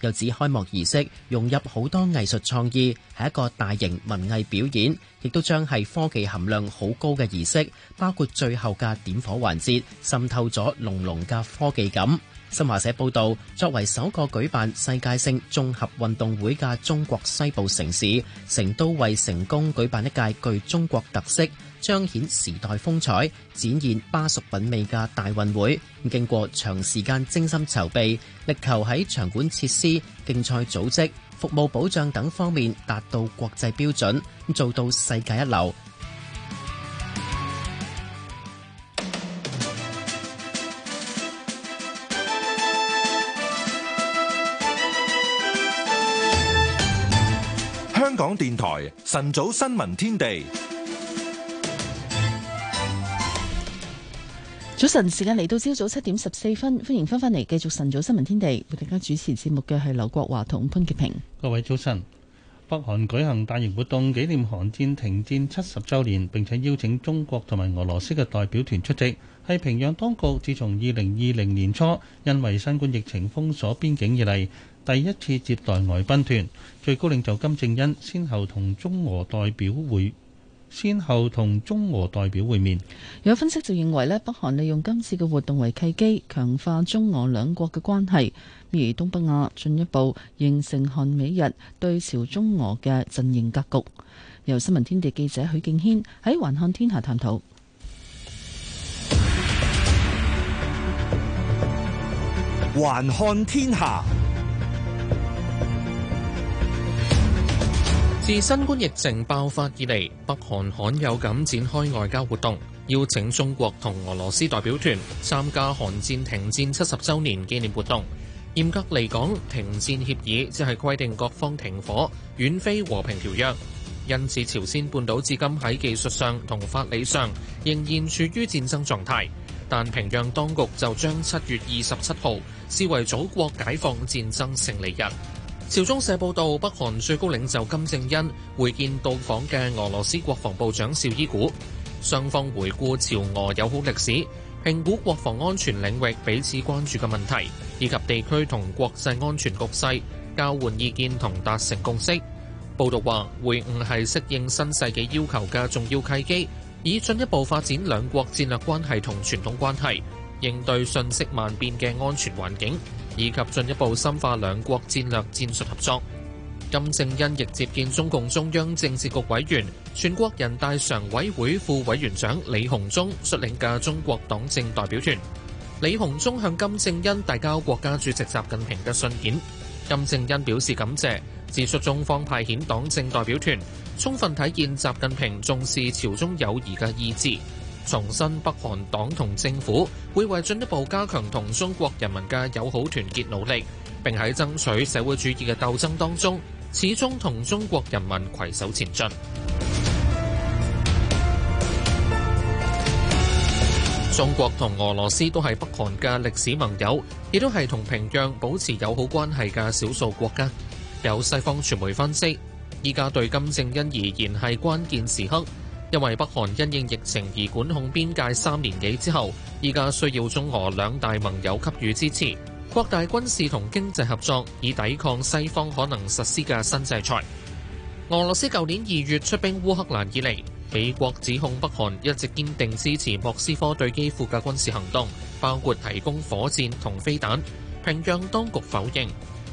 又指開幕儀式融入好多藝術創意，係一個大型文藝表演，亦都將係科技含量好高嘅儀式，包括最後嘅點火環節，滲透咗濃濃嘅科技感。新華社報道，作為首個舉辦世界性綜合運動會嘅中國西部城市，成都為成功舉辦一屆具中國特色，彰顯時代風采，展現巴蜀品味嘅大運會，經過長時間精心籌備，力求喺場館設施、競賽組織、服務保障等方面達到國際標準，做到世界一流。香港電台晨早新聞天地。早晨，時間嚟到朝早七點十四分，歡迎翻返嚟，繼續晨早新聞天地。為大家主持節目嘅係劉國華同潘潔平。各位早晨。北韓舉行大型活動，紀念韓戰停戰七十周年，並且邀請中國同埋俄羅斯嘅代表團出席，係平壤當局自從二零二零年初因為新冠疫情封鎖邊境以嚟，第一次接待外賓團。最高領袖金正恩先後同中俄代表會。先後同中俄代表會面。有分析就認為咧，北韓利用今次嘅活動為契機，強化中俄兩國嘅關係，而東北亞進一步形成韓美日對朝中俄嘅陣營格局。由新聞天地記者許敬軒喺《環看天下》探討《環看天下》。自新冠疫情爆發以嚟，北韓罕有咁展開外交活動，邀請中國同俄羅斯代表團參加韓戰停戰七十周年紀念活動，嚴格嚟講停戰協議即係規定各方停火、遠非和平條約，因此朝鮮半島至今喺技術上同法理上仍然處於戰爭狀態。但平壤當局就將七月二十七號視為祖國解放戰爭勝利日。朝中社報道，北韓最高領袖金正恩會見到訪嘅俄羅斯國防部長紹伊古，雙方回顧朝俄友好歷史，評估國防安全領域彼此關注嘅問題，以及地區同國際安全局勢，交換意見同達成共識。報道話，會晤係適應新世紀要求嘅重要契機，以進一步發展兩國戰略關係同傳統關係，應對瞬息萬變嘅安全環境。以及進一步深化兩國戰略戰術合作。金正恩亦接見中共中央政治局委員、全國人大常委會副委員長李鴻忠率領嘅中國黨政代表團。李鴻忠向金正恩遞交國家主席習近平嘅信件。金正恩表示感謝，自述中方派遣黨政代表團，充分體現習近平重視朝中友誼嘅意志。重申北韓黨同政府會為進一步加強同中國人民嘅友好團結努力，並喺爭取社會主義嘅鬥爭當中，始終同中國人民攜手前進。 中國同俄羅斯都係北韓嘅歷史盟友，亦都係同平壤保持友好關係嘅少數國家。有西方傳媒分析，依家對金正恩而言係關鍵時刻。因為北韓因應疫情而管控邊界三年幾之後，依家需要中俄兩大盟友給予支持，擴大軍事同經濟合作，以抵抗西方可能實施嘅新制裁。俄羅斯舊年二月出兵烏克蘭以嚟，美國指控北韓一直堅定支持莫斯科對基輔嘅軍事行動，包括提供火箭同飛彈。平壤當局否認。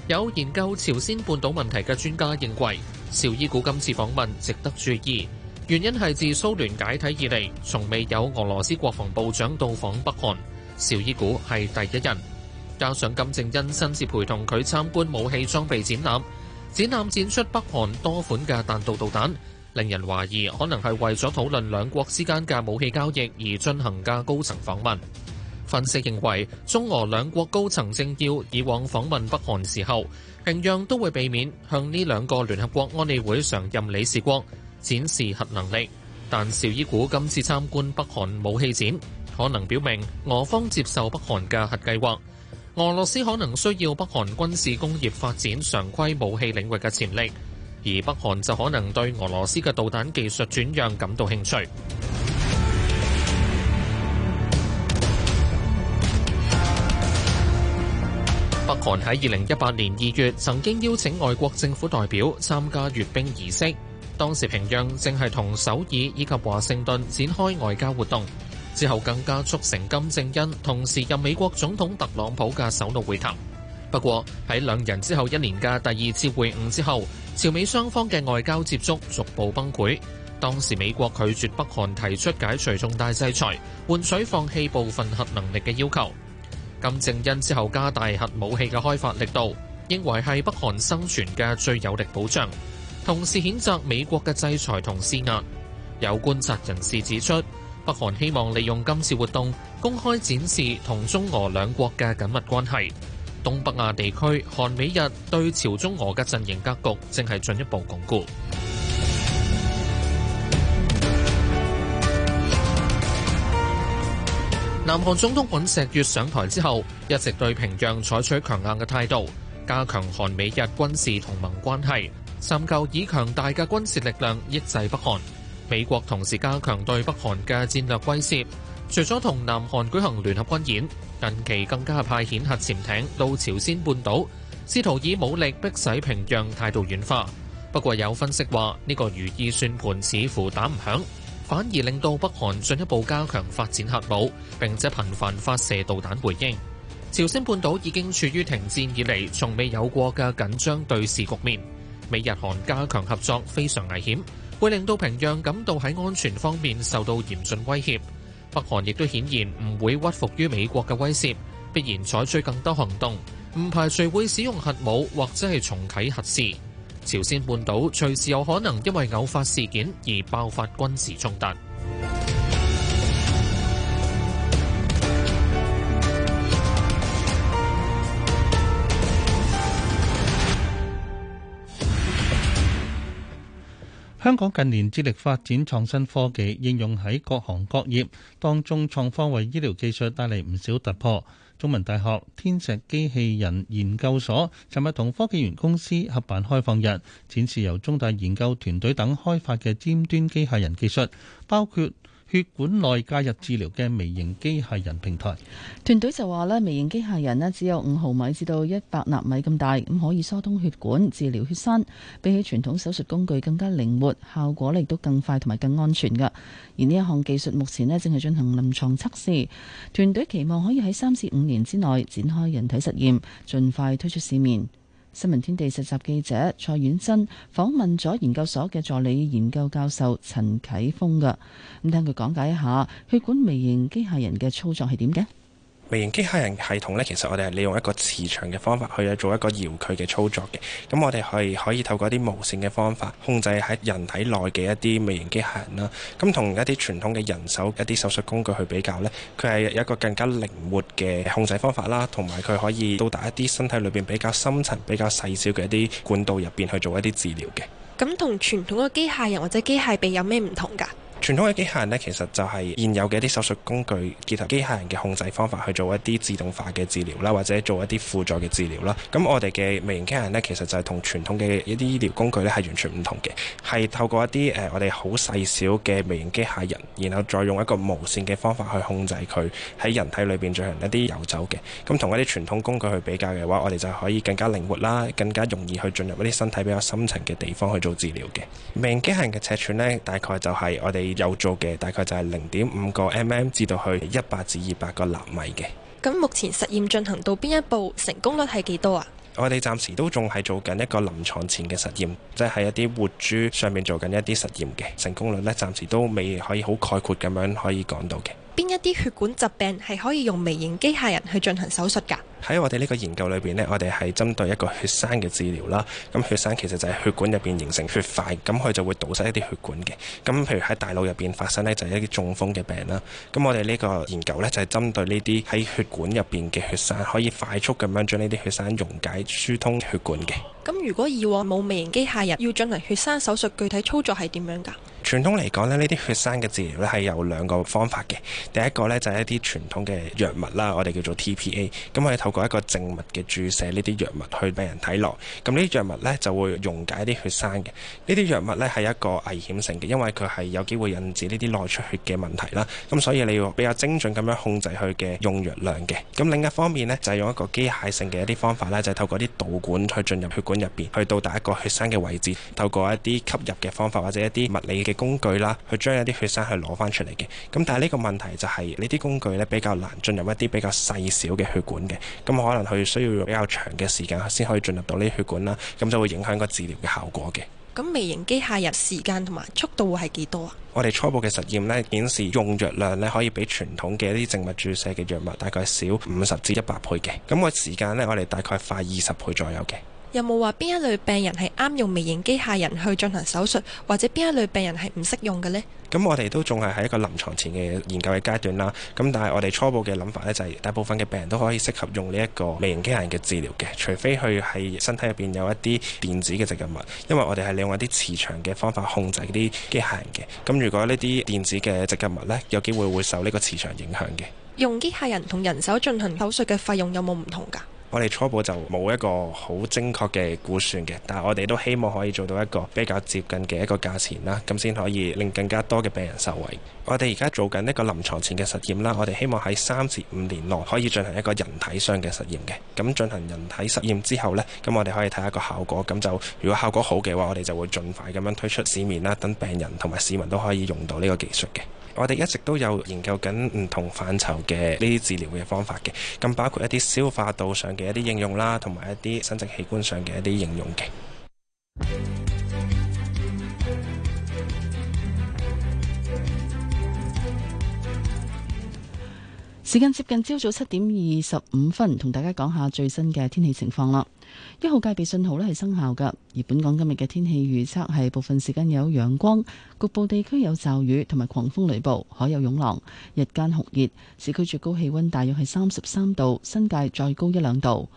有研究朝鮮半島問題嘅專家認為，紹伊古今次訪問值得注意。原因係自蘇聯解體以嚟，從未有俄羅斯國防部長到訪北韓，邵伊古係第一人。加上金正恩親自陪同佢參觀武器裝備展覽，展覽展出北韓多款嘅彈道導彈，令人懷疑可能係為咗討論兩國之間嘅武器交易而進行嘅高層訪問。分析認為，中俄兩國高層政要以往訪問北韓時候，平壤都會避免向呢兩個聯合國安理會常任理事國展示核能力，但邵伊古今次參觀北韓武器展，可能表明俄方接受北韓嘅核計劃，俄羅斯可能需要北韓軍事工業發展常規武器領域嘅潛力，而北韓就可能對俄羅斯嘅導彈技術轉讓感到興趣。 北韓喺二零一八年二月曾經邀請外國政府代表參加閱兵儀式。當時平壤正係同首爾以及華盛頓展開外交活動，之後更加促成金正恩同時任美國總統特朗普嘅首腦會談。不過喺兩人之後一年嘅第二次會晤之後，朝美雙方嘅外交接觸逐步崩潰。當時美國拒絕北韓提出解除重大制裁，換取放棄部分核能力嘅要求。金正恩之後加大核武器嘅開發力度，認為係北韓生存嘅最有力保障。同時譴責美國嘅制裁同施壓。有觀察人士指出，北韓希望利用今次活動公開展示同中俄兩國嘅緊密關係。東北亞地區韓美日對朝中俄嘅陣營格局正係進一步鞏固。 南韓總統尹錫悅上台之後，一直對平壤採取強硬嘅態度，加強韓美日軍事同盟關係。甚就以強大嘅軍事力量抑制北韓。美國同時加強對北韓嘅戰略威懾，除咗同南韓舉行聯合軍演，近期更加派遣核潛艇到朝鮮半島，試圖以武力迫使平壤態度軟化。不過有分析話，呢個如意算盤似乎打唔響，反而令到北韓進一步加強發展核武，並且頻繁發射導彈回應。朝鮮半島已經處於停戰以嚟從未有過嘅緊張對峙局面。美日韓加強合作非常危險，會令到平壤感到喺安全方面受到嚴峻威脅。北韓亦都顯然唔會屈服於美國嘅威脅，必然採取更多行動，唔排除會使用核武或者係重啟核試。朝鮮半島隨時有可能因為偶發事件而爆發軍事衝突。香港近年致力發展創新科技，應用喺各行各業當中，創科為醫療技術帶嚟唔少突破。中文大學天石機器人研究所尋日同科技園公司合辦開放日，展示由中大研究團隊等開發嘅尖端機械人技術，包括血管內介入治療嘅微型機械人平台團隊就話咧，微型機械人咧只有五毫米至到一百納米咁大，咁可以疏通血管、治療血栓，比起傳統手術工具更加靈活，效果亦都更快同埋更安全嘅。而呢一項技術目前咧正係進行臨床測試，團隊期望可以喺三至五年之內展開人體實驗，盡快推出市面。新聞天地實習記者蔡婉珍訪問咗研究所嘅助理研究教授陳啟峰噶，咁聽佢講解一下血管微型機械人嘅操作係點嘅。微型機械人系統呢，其實我哋係利用一個磁場嘅方法去做一個遙距嘅操作嘅。咁我哋係可，可以透過一啲無線嘅方法控制喺人體內嘅一啲微型機械人啦。咁、啊、同一啲傳統嘅人手一啲手術工具去比較呢，佢係有一個更加靈活嘅控制方法啦，同埋佢可以到達一啲身體裏邊比較深層、比較細小嘅一啲管道入邊去做一啲治療嘅。咁同傳統嘅機械人或者機械臂有咩唔同㗎？傳統嘅機械人呢，其實就係現有嘅一啲手術工具結合機械人嘅控制方法，去做一啲自動化嘅治療啦，或者做一啲輔助嘅治療啦。咁我哋嘅微型機械人呢，其實就係同傳統嘅一啲醫療工具呢係完全唔同嘅，係透過一啲誒、呃、我哋好細小嘅微型機械人，然後再用一個無線嘅方法去控制佢喺人體裏邊進行一啲遊走嘅。咁同一啲傳統工具去比較嘅話，我哋就可以更加靈活啦，更加容易去進入一啲身體比較深層嘅地方去做治療嘅。微型機械人嘅尺寸呢，大概就係我哋。有做嘅大概就係零點五個 mm 至到去一百至二百個納米嘅。咁目前實驗進行到邊一步？成功率係幾多啊？我哋暫時都仲係做緊一個臨牀前嘅實驗，即係一啲活豬上面做緊一啲實驗嘅。成功率呢暫時都未可以好概括咁樣可以講到嘅。邊一啲血管疾病係可以用微型機械人去進行手術噶？喺我哋呢個研究裏邊呢，我哋係針對一個血栓嘅治療啦。咁血栓其實就係血管入邊形成血塊，咁佢就會堵塞一啲血管嘅。咁譬如喺大腦入邊發生呢，就係一啲中風嘅病啦。咁我哋呢個研究呢，就係針對呢啲喺血管入邊嘅血栓，可以快速咁樣將呢啲血栓溶解，疏通血管嘅。咁如果以往冇微型機械人要進行血栓手術，具體操作係點樣噶？傳統嚟講咧，呢啲血栓嘅治療咧係有兩個方法嘅。第一個呢，就係一啲傳統嘅藥物啦，我哋叫做 TPA，咁我哋透過一個靜脈嘅注射呢啲藥物去俾人睇落，咁呢啲藥物呢，就會溶解一啲血栓嘅。呢啲藥物呢，係一個危險性嘅，因為佢係有機會引致呢啲內出血嘅問題啦。咁所以你要比較精準咁樣控制佢嘅用藥量嘅。咁另一方面呢，就係、是、用一個機械性嘅一啲方法咧，就係、是、透過啲導管去進入血管入邊，去到達一個血栓嘅位置，透過一啲吸入嘅方法或者一啲物理嘅。工具啦，去將一啲血栓去攞翻出嚟嘅。咁但係呢個問題就係、是，呢啲工具呢，比較難進入一啲比較細小嘅血管嘅。咁可能佢需要用比較長嘅時間先可以進入到呢啲血管啦。咁就會影響個治療嘅效果嘅。咁微型機械人時間同埋速度會係幾多啊？我哋初步嘅實驗呢，顯示，用藥量咧可以比傳統嘅一啲靜脈注射嘅藥物大概少五十至一百倍嘅。咁、那個時間呢，我哋大概快二十倍左右嘅。有冇話邊一類病人係啱用微型機械人去進行手術，或者邊一類病人係唔適用嘅呢？咁我哋都仲係喺一個臨床前嘅研究嘅階段啦。咁但係我哋初步嘅諗法呢，就係大部分嘅病人都可以適合用呢一個微型機械人嘅治療嘅，除非佢係身體入邊有一啲電子嘅植入物，因為我哋係利用一啲磁場嘅方法控制啲機械人嘅。咁如果呢啲電子嘅植入物呢，有機會會受呢個磁場影響嘅。用機械人同人手進行手術嘅費用有冇唔同噶？我哋初步就冇一個好精確嘅估算嘅，但係我哋都希望可以做到一個比較接近嘅一個價錢啦，咁先可以令更加多嘅病人受惠。我哋而家做緊一個臨床前嘅實驗啦，我哋希望喺三至五年內可以進行一個人體上嘅實驗嘅。咁進行人體實驗之後咧，咁我哋可以睇下個效果。咁就如果效果好嘅話，我哋就會盡快咁樣推出市面啦，等病人同埋市民都可以用到呢個技術嘅。我哋一直都有研究緊唔同範疇嘅呢啲治療嘅方法嘅，咁包括一啲消化道上嘅一啲應用啦，同埋一啲生殖器官上嘅一啲應用嘅。時間接近朝早七點二十五分，同大家講下最新嘅天氣情況啦。一號戒備信號呢係生效噶，而本港今日嘅天氣預測係部分時間有陽光，局部地區有驟雨同埋狂風雷暴，海有湧浪，日間酷熱，市區最高氣溫大約係三十三度，新界再高一兩度，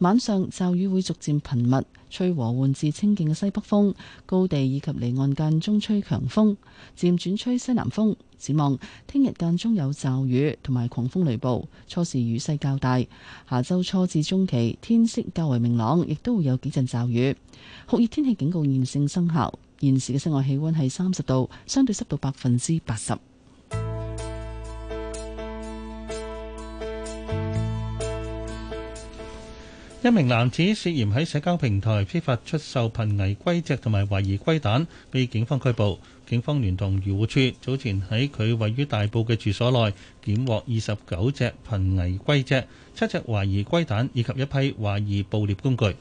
晚上驟雨會逐漸頻密。吹和緩至清勁嘅西北風，高地以及離岸間中吹強風，漸轉吹西南風。展望聽日間中有驟雨同埋狂風雷暴，初時雨勢較大。下周初至中期天色較為明朗，亦都會有幾陣驟雨。酷熱天氣警告現正生效。現時嘅室外氣溫係三十度，相對濕度百分之八十。一名男子涉嫌喺社交平台批發出售瀕危龜隻同埋懷疑龜蛋，被警方拘捕。警方聯同漁護處早前喺佢位於大埔嘅住所內，檢獲二十九隻瀕危龜隻、七隻懷疑龜蛋以及一批懷疑捕獵工具。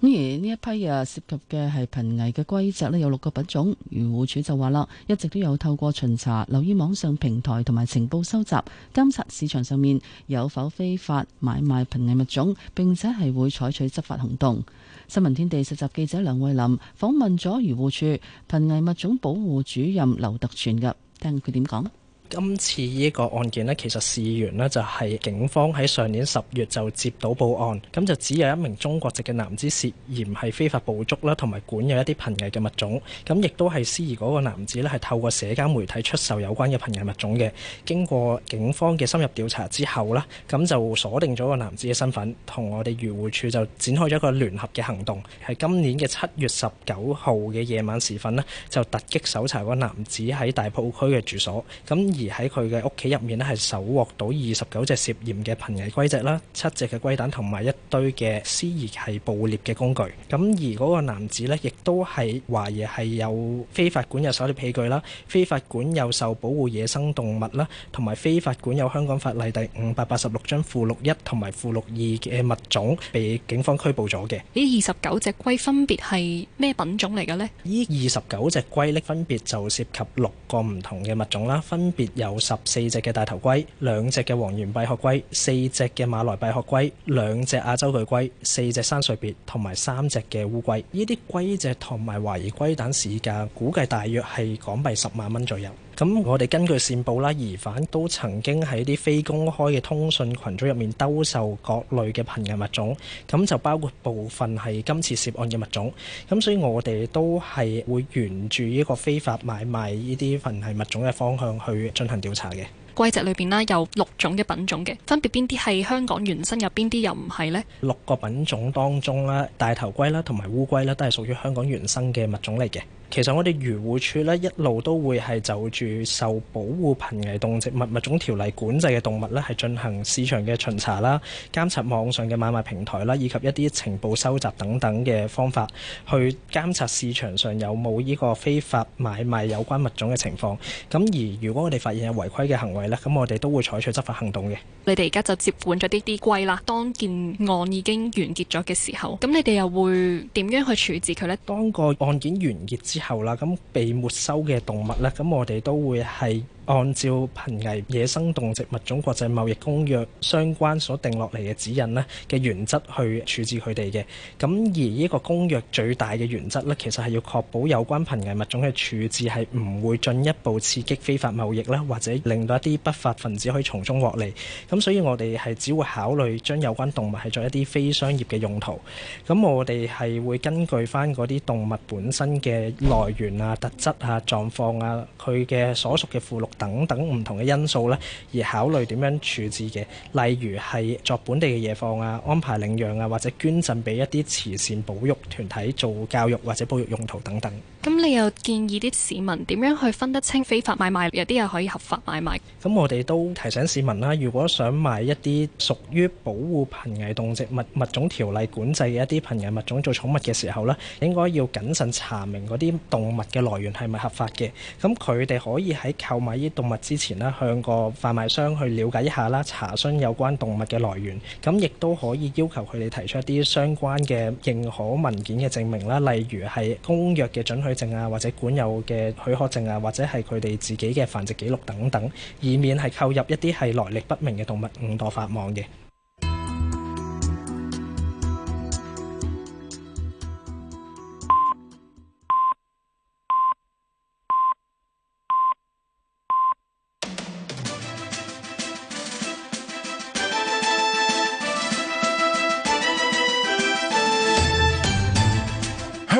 咁而呢一批啊涉及嘅係瀕危嘅龜隻呢，有六個品種。漁護署就話啦，一直都有透過巡查、留意網上平台同埋情報收集，監察市場上面有否非法買賣瀕危物種，並且係會採取執法行動。新聞天地實習記者梁慧琳訪問咗漁護署瀕危物種保護主任劉德全嘅，聽佢點講。今次呢個案件呢，其實事源呢就係警方喺上年十月就接到報案，咁就只有一名中國籍嘅男子涉嫌係非法捕捉啦，同埋管有一啲瀕危嘅物種，咁亦都係涉嫌嗰個男子呢，係透過社交媒體出售有關嘅瀕危物種嘅。經過警方嘅深入調查之後啦，咁就鎖定咗個男子嘅身份，同我哋漁護署就展開咗一個聯合嘅行動，係今年嘅七月十九號嘅夜晚時分呢，就突擊搜查個男子喺大埔區嘅住所，咁。而喺佢嘅屋企入面咧，係搜獲到二十九隻涉嫌嘅瀕危龜隻啦，七隻嘅龜蛋同埋一堆嘅私而係捕獵嘅工具。咁而嗰個男子咧，亦都係懷疑係有非法管有狩獵器具啦，非法管有受保護野生動物啦，同埋非法管有香港法例第五百八十六章附錄一同埋附錄二嘅物種，被警方拘捕咗嘅。呢二十九隻龜分別係咩品種嚟嘅咧？呢二十九隻龜咧，分別就涉及六個唔同嘅物種啦，分別。有十四隻嘅大頭龜，兩隻嘅黃緣閉殼龜，四隻嘅馬來閉殼龜，兩隻亞洲巨龜，四隻山瑞鱉，同埋三隻嘅烏龜。呢啲龜隻同埋懷疑龜蛋市價估計大約係港幣十萬蚊左右。咁我哋根據線報啦，疑犯都曾經喺啲非公開嘅通訊群組入面兜售各類嘅瀕危物種，咁就包括部分係今次涉案嘅物種。咁所以我哋都係會沿住呢個非法買賣呢啲瀕危物種嘅方向去進行調查嘅。龜隻裏邊呢，有六種嘅品種嘅，分別邊啲係香港原生，有邊啲又唔係呢？六個品種當中啦，大頭龜啦同埋烏龜啦都係屬於香港原生嘅物種嚟嘅。其實我哋漁護處咧，一路都會係就住受保護瀕危動植物物種條例管制嘅動物呢，係進行市場嘅巡查啦、監察網上嘅買賣平台啦，以及一啲情報收集等等嘅方法，去監察市場上有冇呢個非法買賣有關物種嘅情況。咁而如果我哋發現有違規嘅行為呢，咁我哋都會採取執法行動嘅。你哋而家就接管咗呢啲龜啦。當件案已經完結咗嘅時候，咁你哋又會點樣去處置佢呢？當個案件完結之後之後啦，咁被沒收嘅動物啦，咁我哋都會係按照《瀕危野生動植物種國際貿易公約》相關所定落嚟嘅指引咧嘅原則去處置佢哋嘅。咁而呢個公約最大嘅原則咧，其實，係要確保有關瀕危物種嘅處置係唔會進一步刺激非法貿易咧，或者令到一啲不法分子可以從中獲利。咁所以我哋係只會考慮將有關動物係作一啲非商業嘅用途。咁我哋係會根據翻嗰啲動物本身嘅來源啊、特質啊、狀況啊，佢嘅所屬嘅附錄。等等唔同嘅因素咧，而考慮點樣處置嘅，例如係作本地嘅野放啊、安排領養啊，或者捐贈俾一啲慈善保育團體做教育或者保育用途等等。咁你又建議啲市民點樣去分得清非法買賣，有啲又可以合法買賣？咁我哋都提醒市民啦、啊，如果想買一啲屬於保護瀕危動植物物種條例管制嘅一啲瀕危物種做寵物嘅時候啦，應該要謹慎查明嗰啲動物嘅來源係咪合法嘅。咁佢哋可以喺購買動物之前咧，向個販賣商去了解一下啦，查詢有關動物嘅來源，咁亦都可以要求佢哋提出一啲相關嘅認可文件嘅證明啦，例如係公約嘅准許證啊，或者管有嘅許可證啊，或者係佢哋自己嘅繁殖記錄等等，以免係購入一啲係來歷不明嘅動物誤墮法網嘅。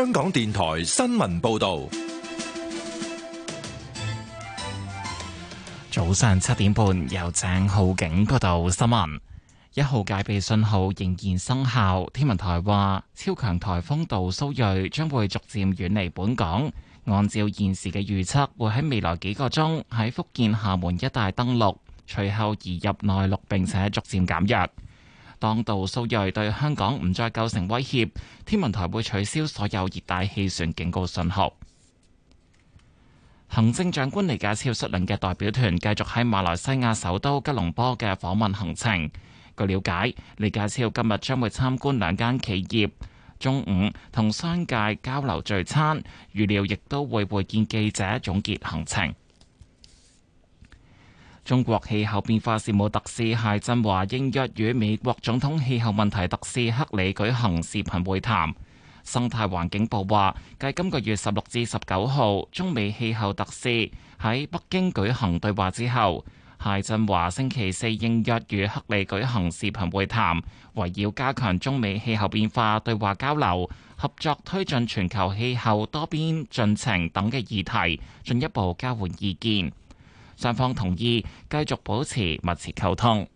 香港電台新聞報道，早上七點半由鄭浩景報道新聞。一號戒備信號仍然生效。天文台話，超強台風杜蘇芮將會逐漸遠離本港。按照現時嘅預測，會喺未來幾個鐘喺福建廈門一帶登陸，隨後移入內陸，並且逐漸減弱。當道蘇瑞對香港唔再構成威脅，天文台會取消所有熱帶氣旋警告信號。行政長官李家超率領嘅代表團繼續喺馬來西亞首都吉隆坡嘅訪問行程。據了解，李家超今日將會參觀兩間企業，中午同商界交流聚餐，預料亦都會會見記者總結行程。中國氣候變化事務特使謝振華應約與美國總統氣候問題特使克里舉行視頻會談。生態環境部話，繼今個月十六至十九號中美氣候特使喺北京舉行對話之後，謝振華星期四應約與克里舉行視頻會談，圍繞加強中美氣候變化對話交流、合作推進全球氣候多邊進程等嘅議題，進一步交換意見。雙方同意繼續保持密切溝通。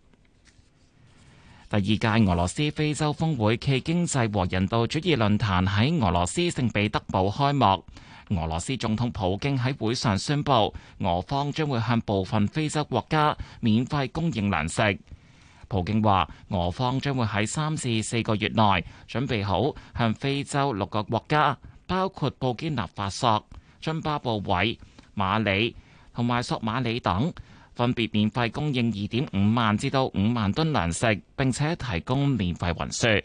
第二屆俄羅斯非洲峰會暨經濟和人道主義論壇喺俄羅斯聖彼得堡開幕。俄羅斯總統普京喺會上宣布，俄方將會向部分非洲國家免費供應糧食。普京話：俄方將會喺三至四,四個月內準備好向非洲六個國家，包括布基納法索、津巴布韋、馬里。同埋索馬里等分別免費供應二點五萬至到五萬噸糧食，並且提供免費運輸。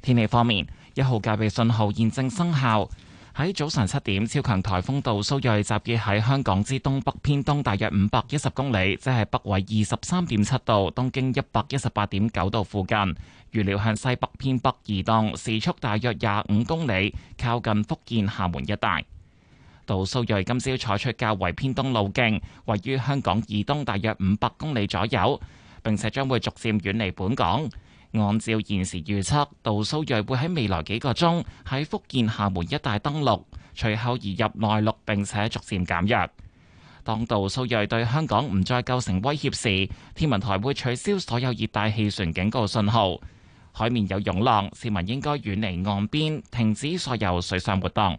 天氣方面，一號戒備信號現正生效。喺早晨七點，超強颱風杜蘇芮集結喺香港之東北偏東大約五百一十公里，即係北緯二十三點七度、東經一百一十八點九度附近。預料向西北偏北移動，時速大約廿五公里，靠近福建廈門一帶。杜蘇瑞今朝採取較為偏東路徑，位於香港以東大約五百公里左右，並且將會逐漸遠離本港。按照現時預測，杜蘇瑞會喺未來幾個鐘喺福建廈門一帶登陸，隨後移入內陸，並且逐漸減弱。當杜蘇瑞對香港唔再構成威脅時，天文台會取消所有熱帶氣旋警告信號。海面有湧浪，市民應該遠離岸邊，停止所有水上活動。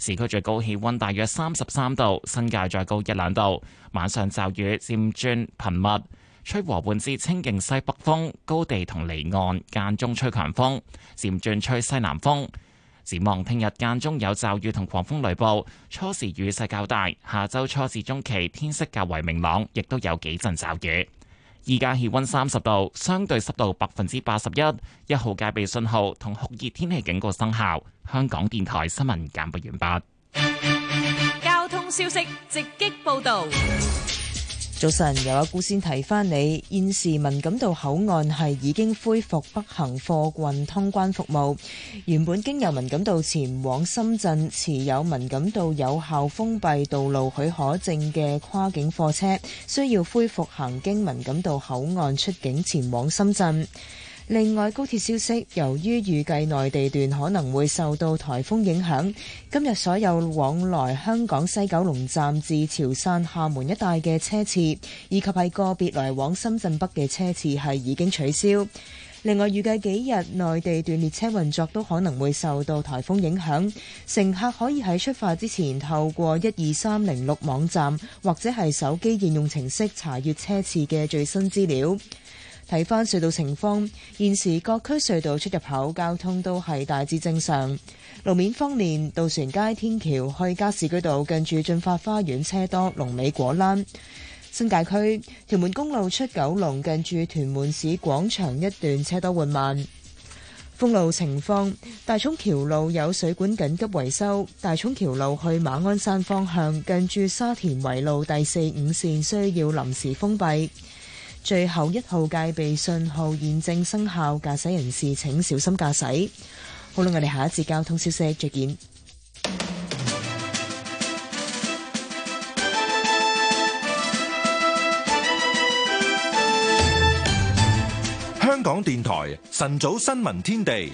市區最高氣温大約三十三度，新界再高一兩度。晚上驟雨漸轉頻密，吹和緩至清勁西北風，高地同離岸間中吹強風，漸轉吹西南風。展望聽日間中有驟雨同狂風雷暴，初時雨勢較大，下周初至中期天色較為明朗，亦都有幾陣驟雨。依家氣溫三十度，相對濕度百分之八十一，一號戒備信號同酷熱天氣警告生效。香港電台新聞簡報完畢。交通消息直擊報道。早晨，有阿姑先提翻你，現時文錦渡口岸係已經恢復北行貨運通關服務，原本經由文錦渡前往深圳，持有文錦渡有效封閉道路許可證嘅跨境貨車，需要恢復行經文錦渡口岸出境前往深圳。另外，高鐵消息，由於預計內地段可能會受到颱風影響，今日所有往來香港西九龍站至潮汕、廈門一帶嘅車次，以及係個別來往深圳北嘅車次係已經取消。另外，預計幾日內地段列車運作都可能會受到颱風影響，乘客可以喺出發之前透過一二三零六網站或者係手機應用程式查閲車次嘅最新資料。睇翻隧道情況，現時各區隧道出入口交通都係大致正常。路面方面，渡船街天橋去加士居道近住進發花園車多，龍尾果欄。新界區屯門公路出九龍近住屯門市廣場一段車多緩慢。封路情況，大涌橋路有水管緊急維修，大涌橋路去馬鞍山方向近住沙田圍路第四五線需要臨時封閉。最後一號戒備信號現正生效，駕駛人士請小心駕駛。好啦，我哋下一次交通消息再見。香港電台晨早新聞天地，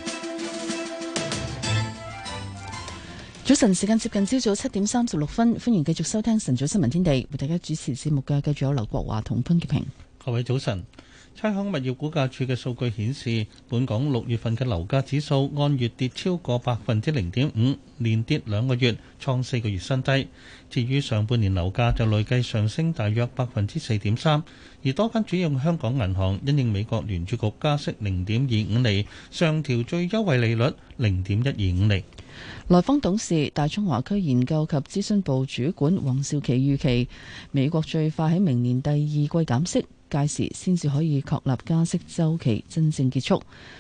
早晨時間接近朝早七點三十六分，歡迎繼續收聽晨早新聞天地，為大家主持節目嘅，繼續有劉國華同潘潔平。各位早晨。差餉物業估價署嘅數據顯示，本港六月份嘅樓價指數按月跌超過百分之零點五，連跌兩個月，創四個月新低。至於上半年樓價就累計上升大約百分之四點三。而多間主要香港銀行因應美國聯儲局加息零點二五厘，上調最優惠利率零點一二五厘。萊坊董事、大中華區研究及咨詢部主管黃少奇預期，美國最快喺明年第二季減息。屆時先至可以確立加息週期真正結束。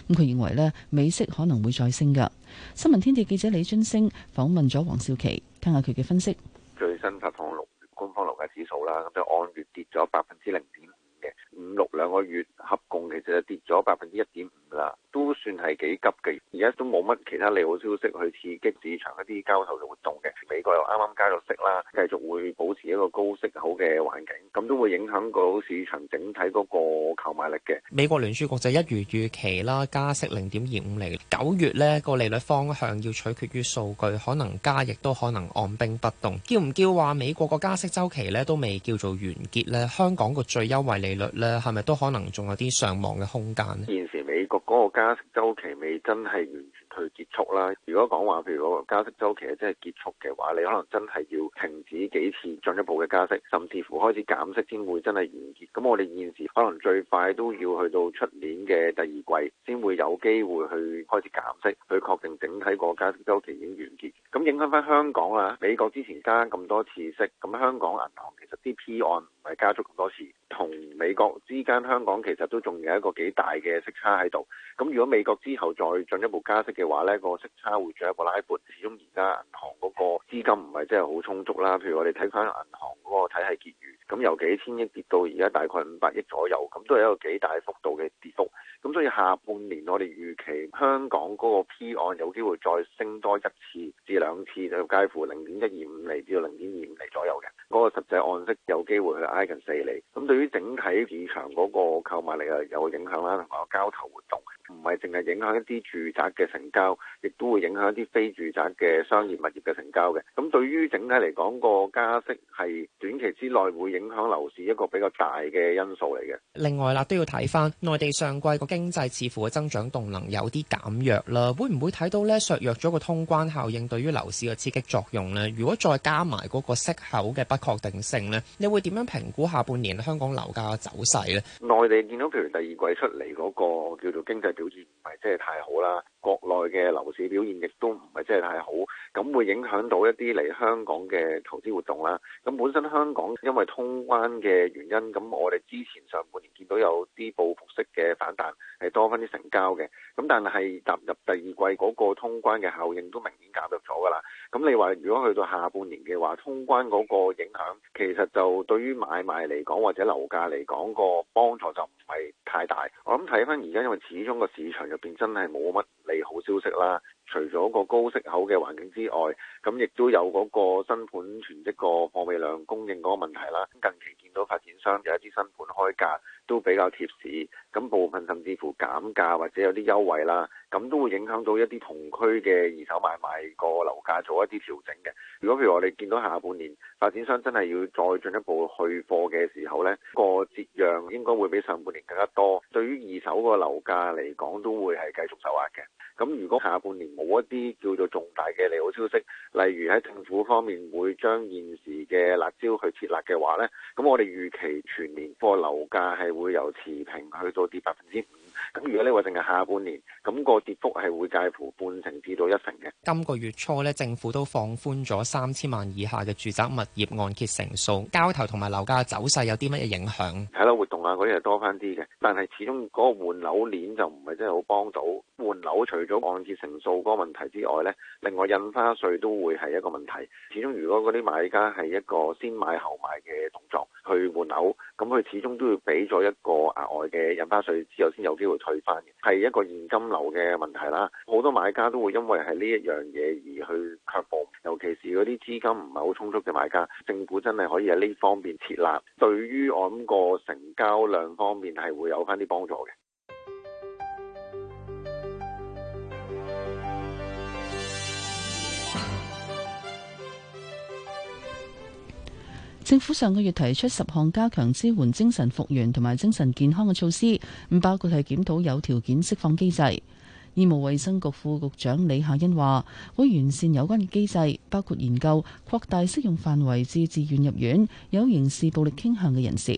咁佢認為咧，美息可能會再升噶。新聞天地記者李津星訪問咗黃少琪，聽下佢嘅分析。最新發放六月官方樓價指數啦，咁就按月跌咗百分之零點五嘅，五六兩個月。合共其實跌咗百分之一點五啦，都算係幾急嘅。而家都冇乜其他利好消息去刺激市場一啲交投嘅活動嘅。美國又啱啱加咗息啦，繼續會保持一個高息好嘅環境，咁都會影響到市場整體嗰個購買力嘅。美國聯儲局就一如預期啦，加息零點二五厘。九月呢個利率方向要取決於數據，可能加亦都可能按兵不動。叫唔叫話美國個加息週期咧都未叫做完結咧？香港個最優惠利率咧係咪都可能仲有？啲上網嘅空間咧，現時美國嗰個加息週期未真係完全去結束啦。如果講話譬如嗰個加息週期真係結束嘅話，你可能真係要停止幾次進一步嘅加息，甚至乎開始減息先會真係完結。咁我哋現時可能最快都要去到出年嘅第二季先會有機會去開始減息，去確定整體個加息週期已經完結。咁影響翻香港喇，美國之前加咁多次息，咁香港銀行其實啲 P 按。係加足咁多次，同美國之間香港其實都仲有一個幾大嘅息差喺度。咁如果美國之後再進一步加息嘅話呢、呢個息差會再一個拉闊。始終而家銀行嗰個資金唔係真係好充足啦。譬如我哋睇翻銀行嗰個體系結餘，咁由幾千億跌到而家大概五百億左右，咁都係一個幾大幅度嘅跌幅。咁所以下半年我哋預期香港嗰個 P 按有機會再升多一次至兩次，就介乎零點一二五厘至到零點二五厘左右嘅嗰、嗰個實際按息有機會啦。接近四厘，咁對於整體市場嗰個購買力啊有影響啦，同埋個交投活動。唔係淨係影響一啲住宅嘅成交，亦都會影響一啲非住宅嘅商業物業嘅成交嘅。咁對於整體嚟講個加息係短期之內會影響樓市一個比較大嘅因素嚟嘅。另外啦，都要睇翻內地上季個經濟似乎嘅增長動能有啲減弱啦，會唔會睇到咧削弱咗個通關效應對於樓市嘅刺激作用咧？如果再加埋嗰個息口嘅不確定性咧，你會點樣評估下半年香港樓價嘅走勢咧？內地見到譬如第二季出嚟嗰個叫做經濟。表現唔係真係太好啦。國內嘅樓市表現亦都唔係真係太好，咁會影響到一啲嚟香港嘅投資活動啦。咁本身香港因為通關嘅原因，咁我哋之前上半年見到有啲報復式嘅反彈，係多翻啲成交嘅。咁但係踏入第二季嗰個通關嘅效應都明顯減弱咗㗎啦。咁你話如果去到下半年嘅話，通關嗰個影響其實就對於買賣嚟講或者樓價嚟講個幫助就唔係太大。我諗睇翻而家，因為始終個市場入邊真係冇乜好消息啦！除咗個高息口嘅環境之外，咁亦都有嗰個新盤存積個貨尾量供應嗰個問題啦。近期見到發展商有一啲新盤開價都比較貼市。咁部分甚至乎減價或者有啲優惠啦，咁都會影響到一啲同區嘅二手買賣個樓價做一啲調整嘅。如果譬如我哋見到下半年發展商真係要再進一步去貨嘅時候咧，個折讓應該會比上半年更加多。對於二手個樓價嚟講都會係繼續受壓嘅。咁如果下半年冇一啲叫做重大嘅利好消息，例如喺政府方面會將現時嘅辣招去設立嘅話咧，咁我哋預期全年貨樓價係會由持平去到，跌百分之五，咁如果你話淨係下半年，咁個跌幅係會介乎半成至到一成嘅。今個月初咧，政府都放寬咗三千萬以下嘅住宅物業按揭成數，交投同埋樓價走勢有啲乜嘢影響？睇啦，活動啊嗰啲係多翻啲嘅，但係始終嗰個換樓鏈就唔係真係好幫到換樓。換樓除咗按揭成數嗰個問題之外咧，另外印花稅都會係一個問題。始終如果嗰啲買家係一個先買後買嘅動作去換樓。咁佢始終都要俾咗一個額外嘅印花稅之後，先有機會退翻嘅，係一個現金流嘅問題啦。好多買家都會因為係呢一樣嘢而去卻步，尤其是嗰啲資金唔係好充足嘅買家。政府真係可以喺呢方面設立，對於我諗個成交量方面係會有翻啲幫助嘅。政府上個月提出十項加強支援精神復原同埋精神健康嘅措施，唔包括係檢討有條件釋放機制。醫務衛生局副局長李夏欣話，會完善有關嘅機制，包括研究擴大適用範圍至自願入院有刑事暴力傾向嘅人士。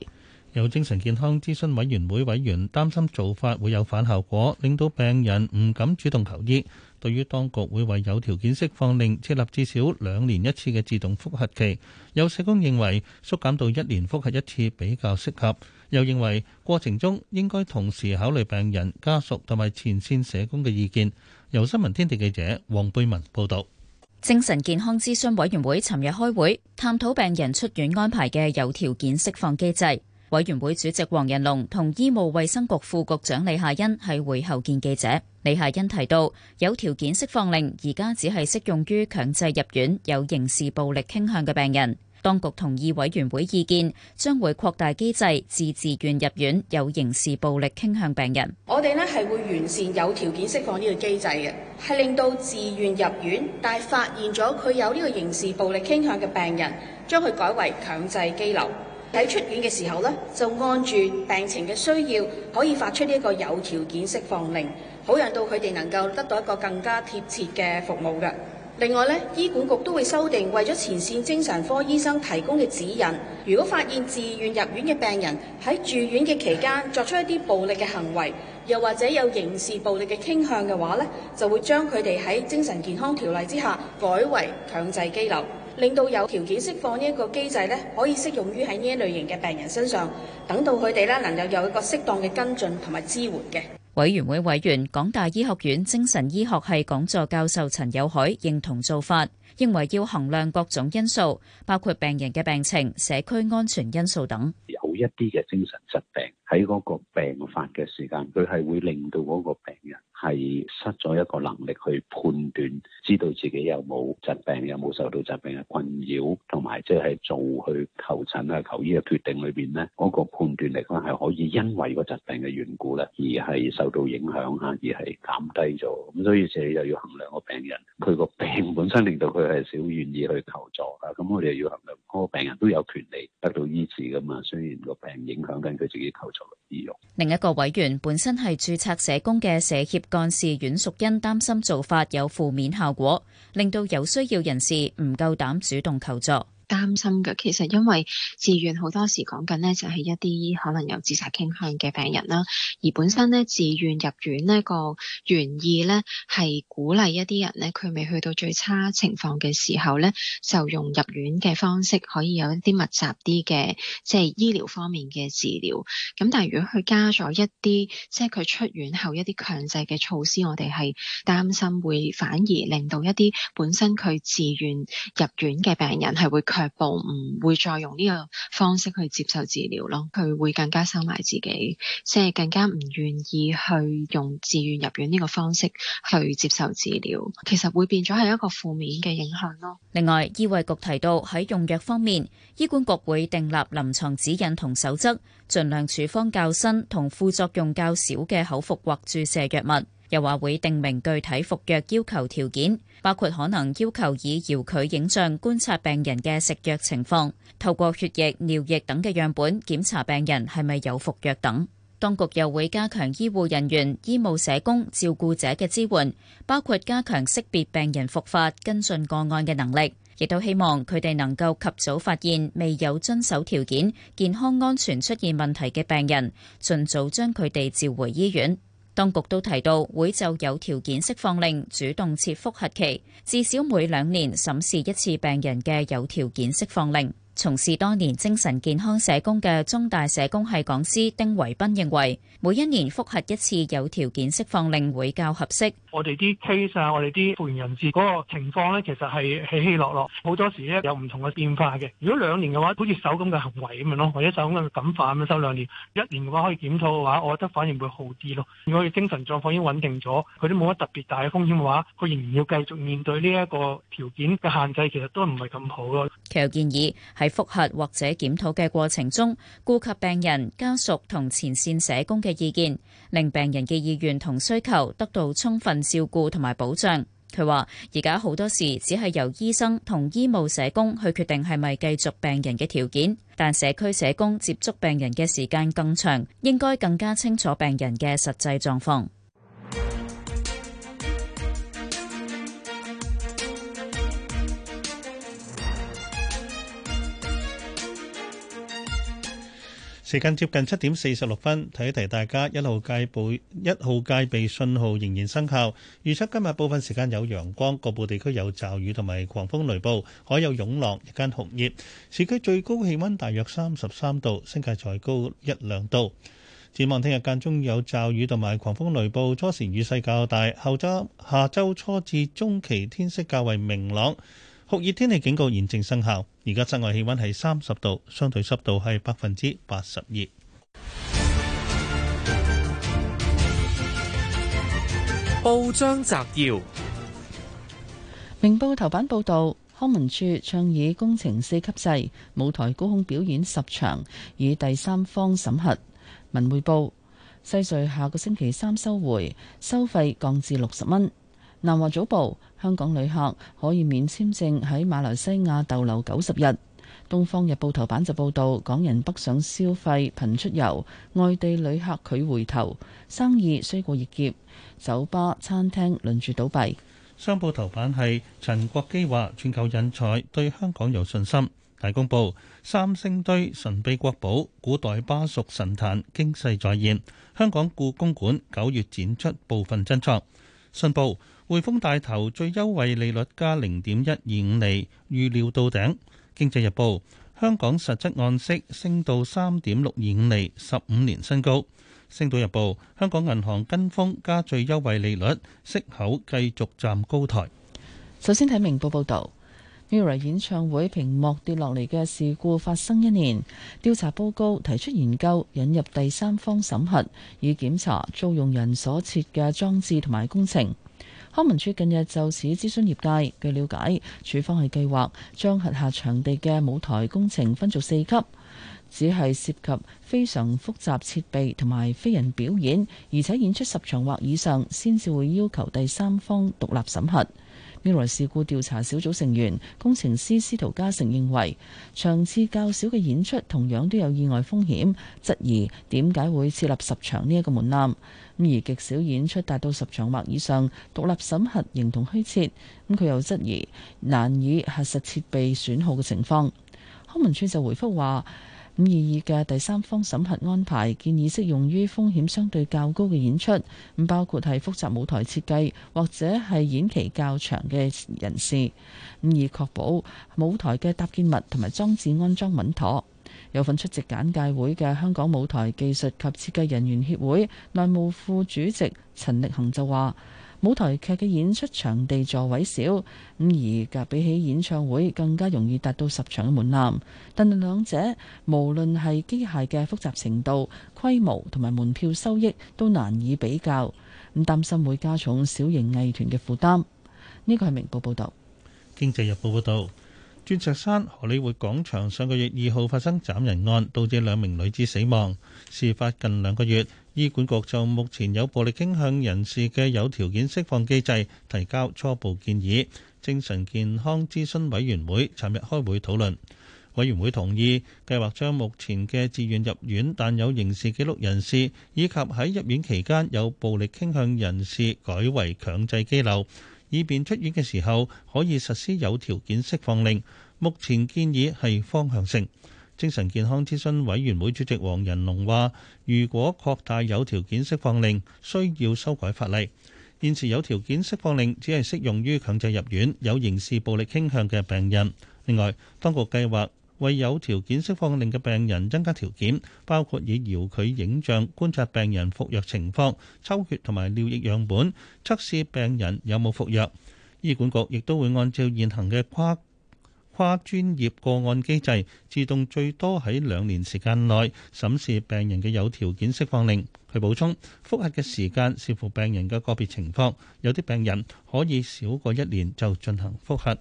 有精神健康諮詢委員會委員擔心做法會有反效果，令到病人唔敢主動求醫。對於當局會為有條件釋放令設立至少兩年一次嘅自動覆核期，有社工認為縮減到一年覆核一次比較適合，又認為過程中應該同時考慮病人、家屬同埋前線社工嘅意見。由新聞天地記者黃貝文報導，精神健康諮詢委員會尋日開會探討病人出院安排嘅有條件釋放機制。委員會主席黃仁龍同醫務衛生局副局長李夏茵喺會後見記者。李夏茵提到，有條件釋放令而家只係適用於強制入院有刑事暴力傾向嘅病人。當局同意委員會意見，將會擴大機制自自願入院有刑事暴力傾向病人。我哋呢係會完善有條件釋放呢個機制嘅，係令到自願入院但係發現咗佢有呢個刑事暴力傾向嘅病人，將佢改為強制羈留。喺出院嘅時候呢就按住病情嘅需要，可以發出呢一個有條件釋放令，好讓到佢哋能夠得到一個更加貼切嘅服務嘅。另外呢醫管局都會修訂為咗前線精神科醫生提供嘅指引，如果發現自願入院嘅病人喺住院嘅期間作出一啲暴力嘅行為，又或者有刑事暴力嘅傾向嘅話呢就會將佢哋喺精神健康條例之下改為強制拘留。令到有條件釋放呢一個機制咧，可以適用於喺呢一類型嘅病人身上，等到佢哋咧能夠有一個適當嘅跟進同埋支援嘅。委員會委員港大醫學院精神醫學系講座教授陳友海認同做法，認為要衡量各種因素，包括病人嘅病情、社區安全因素等。有一啲嘅精神疾病喺嗰個病發嘅時間，佢係會令到嗰個病人係失咗一個能力去判斷，知道自己有冇疾病，有冇受到疾病嘅困擾，同埋即係做去求診啊、求醫嘅決定裏邊咧，嗰個判斷力咧係可以因為個疾病嘅緣故咧，而係受到影響吓，而係減低咗。咁所以就又要衡量個病人，佢個病本身令到佢係少願意去求助啊。咁我哋又要衡量嗰個病人都有權利得到醫治㗎嘛。雖然個病影響緊佢自己求助嘅意欲。另一個委員本身係註冊社工嘅社協幹事阮淑欣擔心做法有負面效果，令到有需要人士唔夠膽主動求助。擔心嘅，其實因為自願好多時講緊呢，就係一啲可能有自殺傾向嘅病人啦。而本身呢，自願入院呢個原意呢，係鼓勵一啲人呢，佢未去到最差情況嘅時候呢，就用入院嘅方式可以有一啲密集啲嘅，即係醫療方面嘅治療。咁但係如果佢加咗一啲，即係佢出院後一啲強制嘅措施，我哋係擔心會反而令到一啲本身佢自願入院嘅病人係會。逐步唔會再用呢個方式去接受治療咯，佢會更加收埋自己，即係更加唔願意去用自願入院呢個方式去接受治療，其實會變咗係一個負面嘅影響咯。另外，醫衛局提到喺用藥方面，醫管局會訂立臨床指引同守則，盡量處方較新同副作用較少嘅口服或注射藥物。又話會定明具體服藥要求條件，包括可能要求以遙距影像觀察病人嘅食藥情況，透過血液、尿液等嘅樣本檢查病人係咪有服藥等。當局又會加強醫護人員、醫務社工、照顧者嘅支援，包括加強識別病人復發跟進個案嘅能力，亦都希望佢哋能夠及早發現未有遵守條件、健康安全出現問題嘅病人，盡早將佢哋召回醫院。當局都提到會就有條件釋放令主動設覆核期，至少每兩年審視一次病人嘅有條件釋放令。從事多年精神健康社工嘅中大社工系講師丁維斌認為。每一年複核一次，有條件釋放令會較合適。我哋啲 case 啊，我哋啲復原人士嗰個情況咧，其實係起起落落，好多時咧有唔同嘅變化嘅。如果兩年嘅話，好似守咁嘅行為咁樣咯，或者守咁嘅感化咁樣守兩年，一年嘅話可以檢討嘅話，我覺得反而會好啲咯。如果佢精神狀況已經穩定咗，佢都冇乜特別大嘅風險嘅話，佢仍然要繼續面對呢一個條件嘅限制，其實都唔係咁好咯。佢又建議喺複核或者檢討嘅過程中，顧及病人家屬同前線社工嘅。嘅意見，令病人嘅意願同需求得到充分照顧同埋保障。佢話而家好多時只係由醫生同醫務社工去決定係咪繼續病人嘅條件，但社區社工接觸病人嘅時間更長，應該更加清楚病人嘅實際狀況。時間接近七點四十六分，提一提大家，一號戒備，一號戒備信號仍然生效。預測今日部分時間有陽光，局部地區有驟雨同埋狂風雷暴，海有湧浪，日間酷熱。市區最高氣温大約三十三度，新界再高一兩度。展望聽日間中有驟雨同埋狂風雷暴，初時雨勢較大，後週下週初至中期天色較為明朗。酷熱天氣警告現正生效，而家室外氣溫係三十度，相對濕度係百分之八十二。報章摘要：明報頭版報道，康文署倡議，工程四級制舞台高空表演十場，以第三方審核。文匯報：西隧下個星期三收回，收費降至六十蚊。南華早報：香港旅客可以免簽證喺馬來西亞逗留九十日。東方日報頭版就報導，港人北上消費頻出遊，外地旅客拒回頭，生意衰過熱劫，酒吧餐廳輪住倒閉。商報頭版係陳國基話：全球人才對香港有信心。大公報：三星堆神秘國寶，古代巴蜀神壇驚世再現。香港故宮館九月展出部分珍藏。信報匯豐帶頭最優惠利率加零點一二五厘，預料到頂。經濟日報，香港實質按息升到三點六二五厘，十五年新高。星島日報，香港銀行跟風加最優惠利率，息口繼續站高台。首先睇，明報報道，Mirror 演唱會屏幕跌落嚟嘅事故發生一年，調查報告提出研究引入第三方審核，以檢查租用人所設嘅裝置同埋工程。康文署近日就此諮詢業界，據了解，署方係計劃將轄下場地嘅舞台工程分做四級，只係涉及非常複雜設備同埋非人表演，而且演出十場或以上，先至會要求第三方獨立審核。意外事故調查小組成員工程師司徒嘉誠認為，場次較少嘅演出同樣都有意外風險，質疑點解會設立十場呢一個門檻。咁而極少演出達到十場或以上，獨立審核形同虛設。咁佢又質疑難以核實設備損耗嘅情況。康文署就回覆話。五二二嘅第三方審核安排建議適用於風險相對較高嘅演出，咁包括係複雜舞台設計或者係演期較長嘅人士，咁以確保舞台嘅搭建物同埋裝置安裝穩妥。有份出席簡介會嘅香港舞台技術及設計人員協會內務副主席陳力恒就話。舞台劇嘅演出場地座位少，咁而家比起演唱會更加容易達到十場嘅門檻。但係兩者無論係機械嘅複雜程度、規模同埋門票收益都難以比較，咁擔心會加重小型藝團嘅負擔。呢個係明報報導。經濟日報報導，鑽石山荷里活廣場上個月二號發生斬人案，導致兩名女子死亡。事發近兩個月。醫管局就目前有暴力傾向人士嘅有條件釋放機制提交初步建議，精神健康諮詢委員會尋日開會討論。委員會同意計劃將目前嘅自願入院但有刑事紀錄人士以及喺入院期間有暴力傾向人士改為強制拘留，以便出院嘅時候可以實施有條件釋放令。目前建議係方向性。精神健康諮詢委員會主席黃仁龍話，如果擴大有條件釋放令，需要修改法例。現時有條件釋放令只係適用於強制入院、有刑事暴力傾向嘅病人。另外，當局計劃為有條件釋放令嘅病人增加條件，包括以遙距影像觀察病人服藥情況、抽血同埋尿液樣本，測試病人有冇服藥。醫管局亦都會按照現行嘅跨跨專業個案機制自動最多喺兩年時間內審視病人嘅有條件釋放令。佢補充，複核嘅時間視乎病人嘅個別情況，有啲病人可以少過一年就進行複核。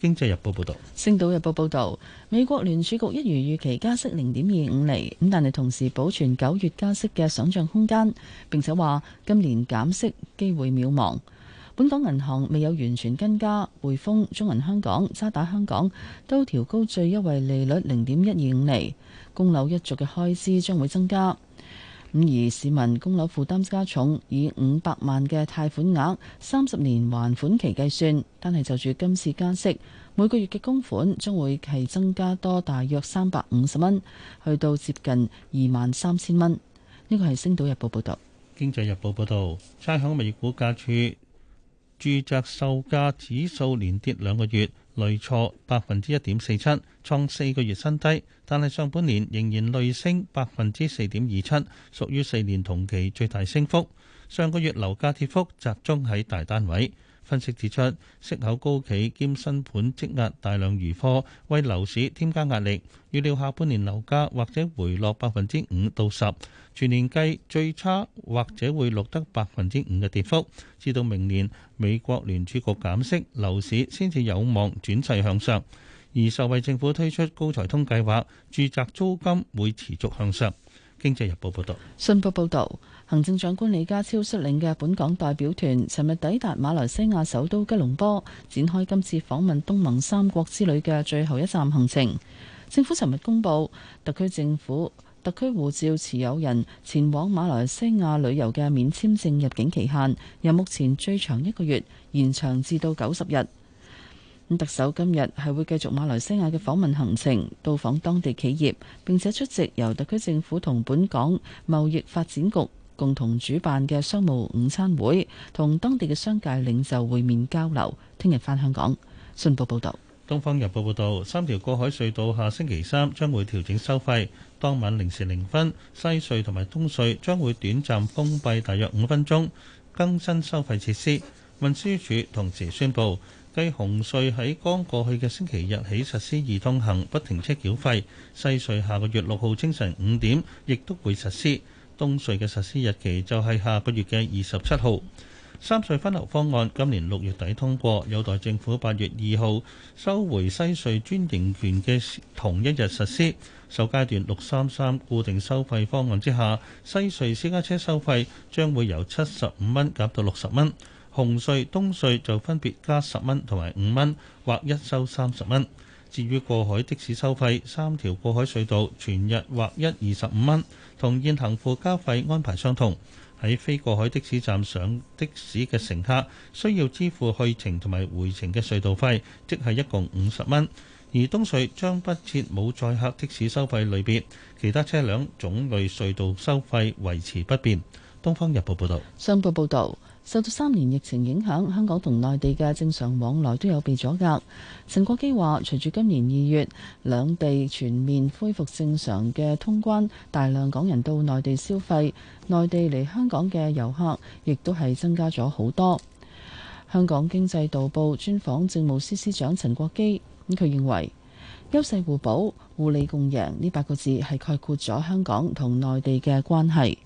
經濟日報報道：「星島日報報道，美國聯儲局一如預期加息0.25厘，咁但係同時保存九月加息嘅想像空間，並且話今年減息機會渺茫。本港銀行未有完全跟加，匯豐、中銀香港、渣打香港都調高最優惠利率零點一二五厘，供樓一族嘅開支將會增加。咁而市民供樓負擔加重，以五百萬嘅貸款額、三十年還款期計算，單係就住今次加息，每個月嘅供款將會係增加多大約三百五十蚊，去到接近二萬三千蚊。呢個係《星島日報》報導，《經濟日報》報道，差餉物業估價署。住宅售價指數連跌兩個月，累挫百分之一點四七，創四個月新低。但係上半年仍然累升百分之四點二七，屬於四年同期最大升幅。上個月樓價跌幅集中喺大單位，分析指出，息口高企兼新盤積壓大量餘貨，為樓市添加壓力。預料下半年樓價或者回落百分之五到十。全年計最差，或者會錄得百分之五嘅跌幅。至到明年美國聯儲局減息，樓市先至有望轉勢向上。而受惠政府推出高財通計劃，住宅租金會持續向上。經濟日報報道。信報報道，行政長官李家超率領嘅本港代表團，尋日抵達馬來西亞首都吉隆坡，展開今次訪問東盟三國之旅嘅最後一站行程。政府尋日公布，特區政府，特區護照持有人前往馬來西亞旅遊嘅免簽證入境期限，由目前最長一個月延長至到九十日。咁特首今日係會繼續馬來西亞嘅訪問行程，到訪當地企業，並且出席由特區政府同本港貿易發展局共同主辦嘅商務午餐會，同當地嘅商界領袖會面交流。聽日返香港。信報報道，《東方日報》報道，三條過海隧道下星期三將會調整收費。當晚零時零分，西隧同埋東隧將會短暫封閉大約五分鐘，更新收費設施。運輸署同時宣布，繼紅隧喺剛過去嘅星期日起實施易通行不停車繳費，西隧下個月六號清晨五點亦都會實施。東隧嘅實施日期就係下個月嘅二十七號。三隧分流方案今年六月底通過，有待政府八月二號收回西隧專營權嘅同一日實施。首階段六三三固定收費方案之下，西隧私家車收費將會由七十五蚊減到六十蚊，紅隧、東隧就分別加十蚊同埋五蚊，或一收三十蚊。至於過海的士收費，三條過海隧道全日或一二十五蚊，同現行附加費安排相同。喺非過海的士站上的士嘅乘客，需要支付去程同埋回程嘅隧道費，即係一共五十蚊。而東隧將不設冇載客的士收費類別，其他車輛種類隧道收費維持不變。《東方日報》報道：「商報報道，受到三年疫情影響，香港同內地嘅正常往來都有被阻隔。陳國基話，隨住今年二月兩地全面恢復正常嘅通關，大量港人到內地消費，內地嚟香港嘅遊客亦都係增加咗好多。香港經濟導報專訪政務司司長陳國基。佢認為優勢互補、互利共贏呢八個字係概括咗香港同內地嘅關係。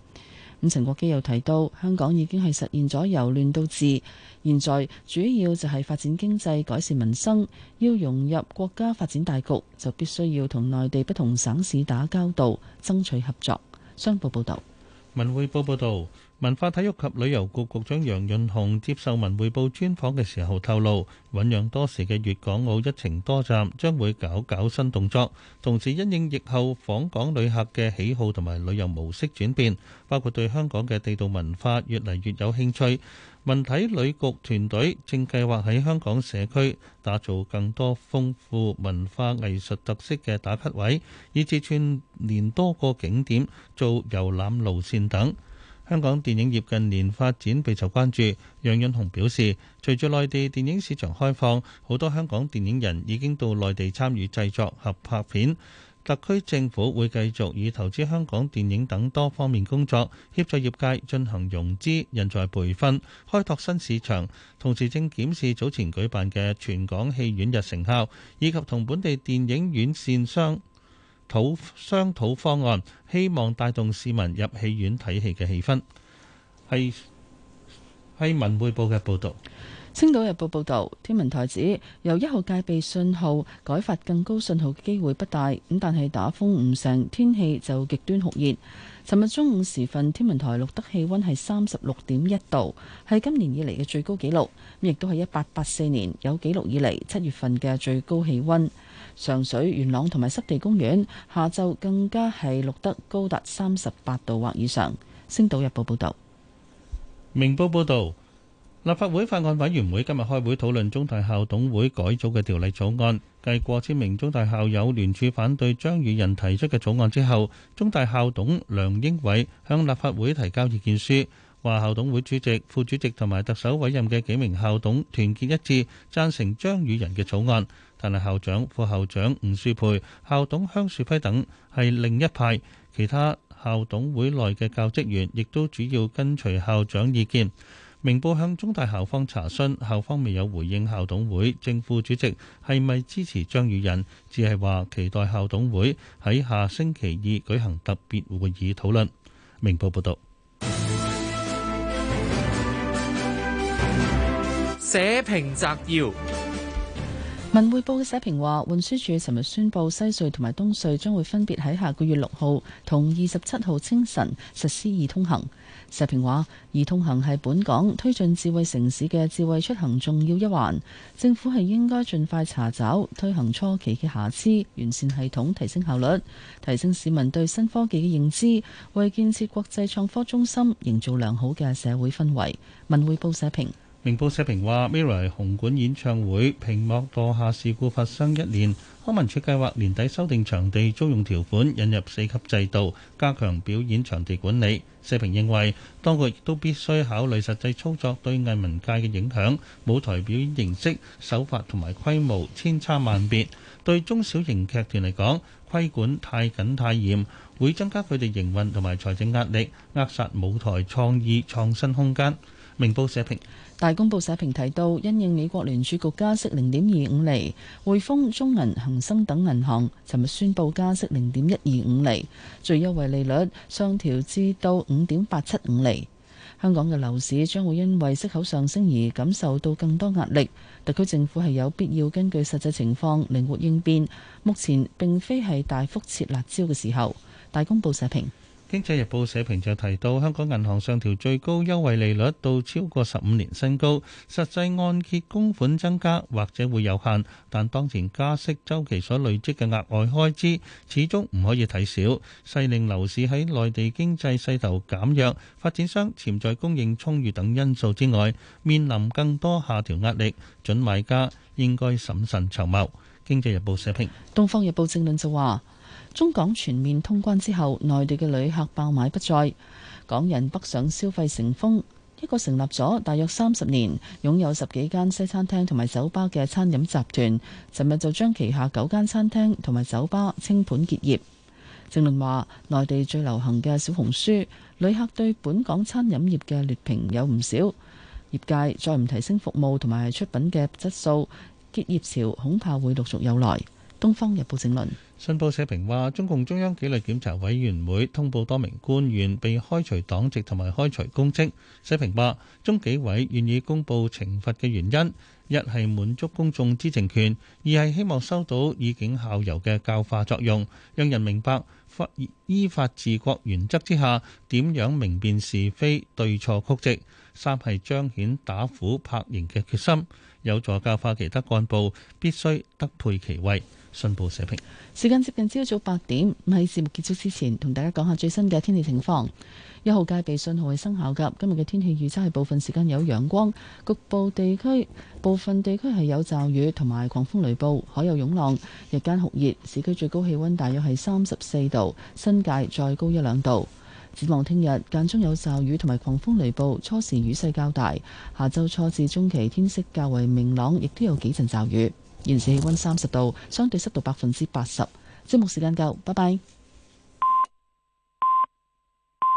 咁陳國基又提到，香港已經係實現咗由亂到治，現在主要就係發展經濟、改善民生，要融入國家發展大局，就必須要同內地不同省市打交道、爭取合作。商報報道。文匯報報道。文化體育及旅遊局局長楊潤雄接受文匯報專訪嘅時候透露，醞釀多時嘅粵港澳一程多站將會搞搞新動作，同時因應疫後訪港旅客的喜好同埋旅遊模式轉變，包括對香港嘅地道文化越來越有興趣。文體旅局團隊正計劃喺香港社區，打造更多豐富文化藝術特色嘅打卡位，以至串連多個景點做遊覽路線等。香港電影業近年發展備受關注，楊潤雄表示，隨住內地電影市場開放，好多香港電影人已經到內地參與製作合拍片。特區政府會繼續以投資香港電影等多方面工作，協助業界進行融資、人才培訓、開拓新市場，同時正檢視早前舉辦嘅全港戲院日成效，以及同本地電影院線商。土商討方案，希望帶動市民入戲院睇戲嘅氣氛。係係文匯報嘅報道。青島日報報道，天文台指由一號戒備信號改發更高信號嘅機會不大，咁但係打風唔成，天氣就極端酷熱。尋日中午時分，天文台錄得氣溫係三十六點一度，係今年以嚟嘅最高紀錄，咁亦都係一八八四年有紀錄以嚟七月份嘅最高氣溫。上水、元朗同埋濕地公園，下晝更加係錄得高達三十八度或以上。星島日報報導，明報報導，立法會法案委員會今日開會討論中大校董會改組嘅條例草案。繼過千名中大校友聯署反對張宇人提出嘅草案之後，中大校董梁英偉向立法會提交意見書，話校董會主席、副主席同埋特首委任嘅幾名校董團結一致，贊成張宇人嘅草案。但係校長、副校長吳樹培、校董香樹批等係另一派，其他校董會內嘅教職員亦都主要跟隨校長意見。明報向中大校方查詢，校方未有回應。校董會正副主席係咪支持張宇仁？只係話期待校董會喺下星期二舉行特別會議討論。明報報道。社評摘要。文匯報嘅社評話，運輸署尋日宣布，西隧同埋東隧將會分別喺下個月六號同二十七號清晨實施易通行。社評話，易通行係本港推進智慧城市嘅智慧出行重要一環，政府係應該盡快查找推行初期嘅瑕疵，完善系統，提升效率，提升市民對新科技嘅認知，為建設國際創科中心營造良好嘅社會氛圍。文匯報社評。明報社評話，MIRROR 紅館演唱會屏幕墮下事故發生一年，康文署計劃年底修訂場地租用條款，引入四級制度，加強表演場地管理。社評認為，當局亦都必須考慮實際操作對藝文界嘅影響。舞台表演形式、手法同埋規模千差萬別，對中小型劇團嚟講，規管太緊太嚴會增加佢哋營運同埋財政壓力，扼殺舞台創意創新空間。明報社評。大公報社評提到，因應美國聯儲局加息零點二五厘、匯豐、中銀、恒生等銀行尋日宣布加息零點一二五厘，最優惠利率上調至到五點八七五厘。香港嘅樓市將會因為息口上升而感受到更多壓力，特區政府係有必要根據實際情況靈活應變。目前並非係大幅撤辣招嘅時候。大公報社評。《經濟日報》社評就提到，香港銀行上調最高優惠利率到超過十五年新高，實際按揭供款增加或者會有限，但當前加息週期所累積嘅額外開支，始終唔可以睇少。勢令樓市喺內地經濟勢頭減弱、發展商潛在供應充裕等因素之外，面臨更多下調壓力。準買家應該審慎籌謀。《經濟日報》社評，《東方日報》正論就話。中港全面通關之後，內地嘅旅客爆買不再，港人北上消費成風，一個成立咗大約三十年、擁有十幾間西餐廳同埋酒吧嘅餐飲集團，尋日就將旗下九間餐廳同埋酒吧清盤結業，正論話內地最流行嘅小紅書旅客對本港餐飲業嘅劣評有唔少，業界再唔提升服務同埋出品嘅質素，結業潮恐怕會陸續有來，東方日報正論。信報社評話，中共中央紀律檢查委員會通報多名官員被開除黨籍同埋開除公職。社評話，中紀委願意公佈懲罰嘅原因，一係滿足公眾知情權，二係希望收到以警效尤嘅教化作用，讓人明白法依法治國原則之下點樣明辨是非對錯曲直，三係彰顯打虎拍蠅嘅決心，有助教化其他幹部必須德配其位。信報社評時間，接近朝早八點，喺節目結束之前，同大家講下最新嘅天氣情況。一號戒備信號係生效嘅，今日嘅天氣預測係部分時間有陽光，局部地區、部分地區係有驟雨同埋狂風雷暴，海有湧浪，日間酷熱，市區最高氣溫大約係三十四度，新界再高一兩度。展望聽日間中有驟雨同埋狂風雷暴，初時雨勢較大，下週初至中期天色較為明朗，亦都有幾陣驟雨。現時氣溫三十度，相對濕度百分之八十。節目時間夠，拜拜。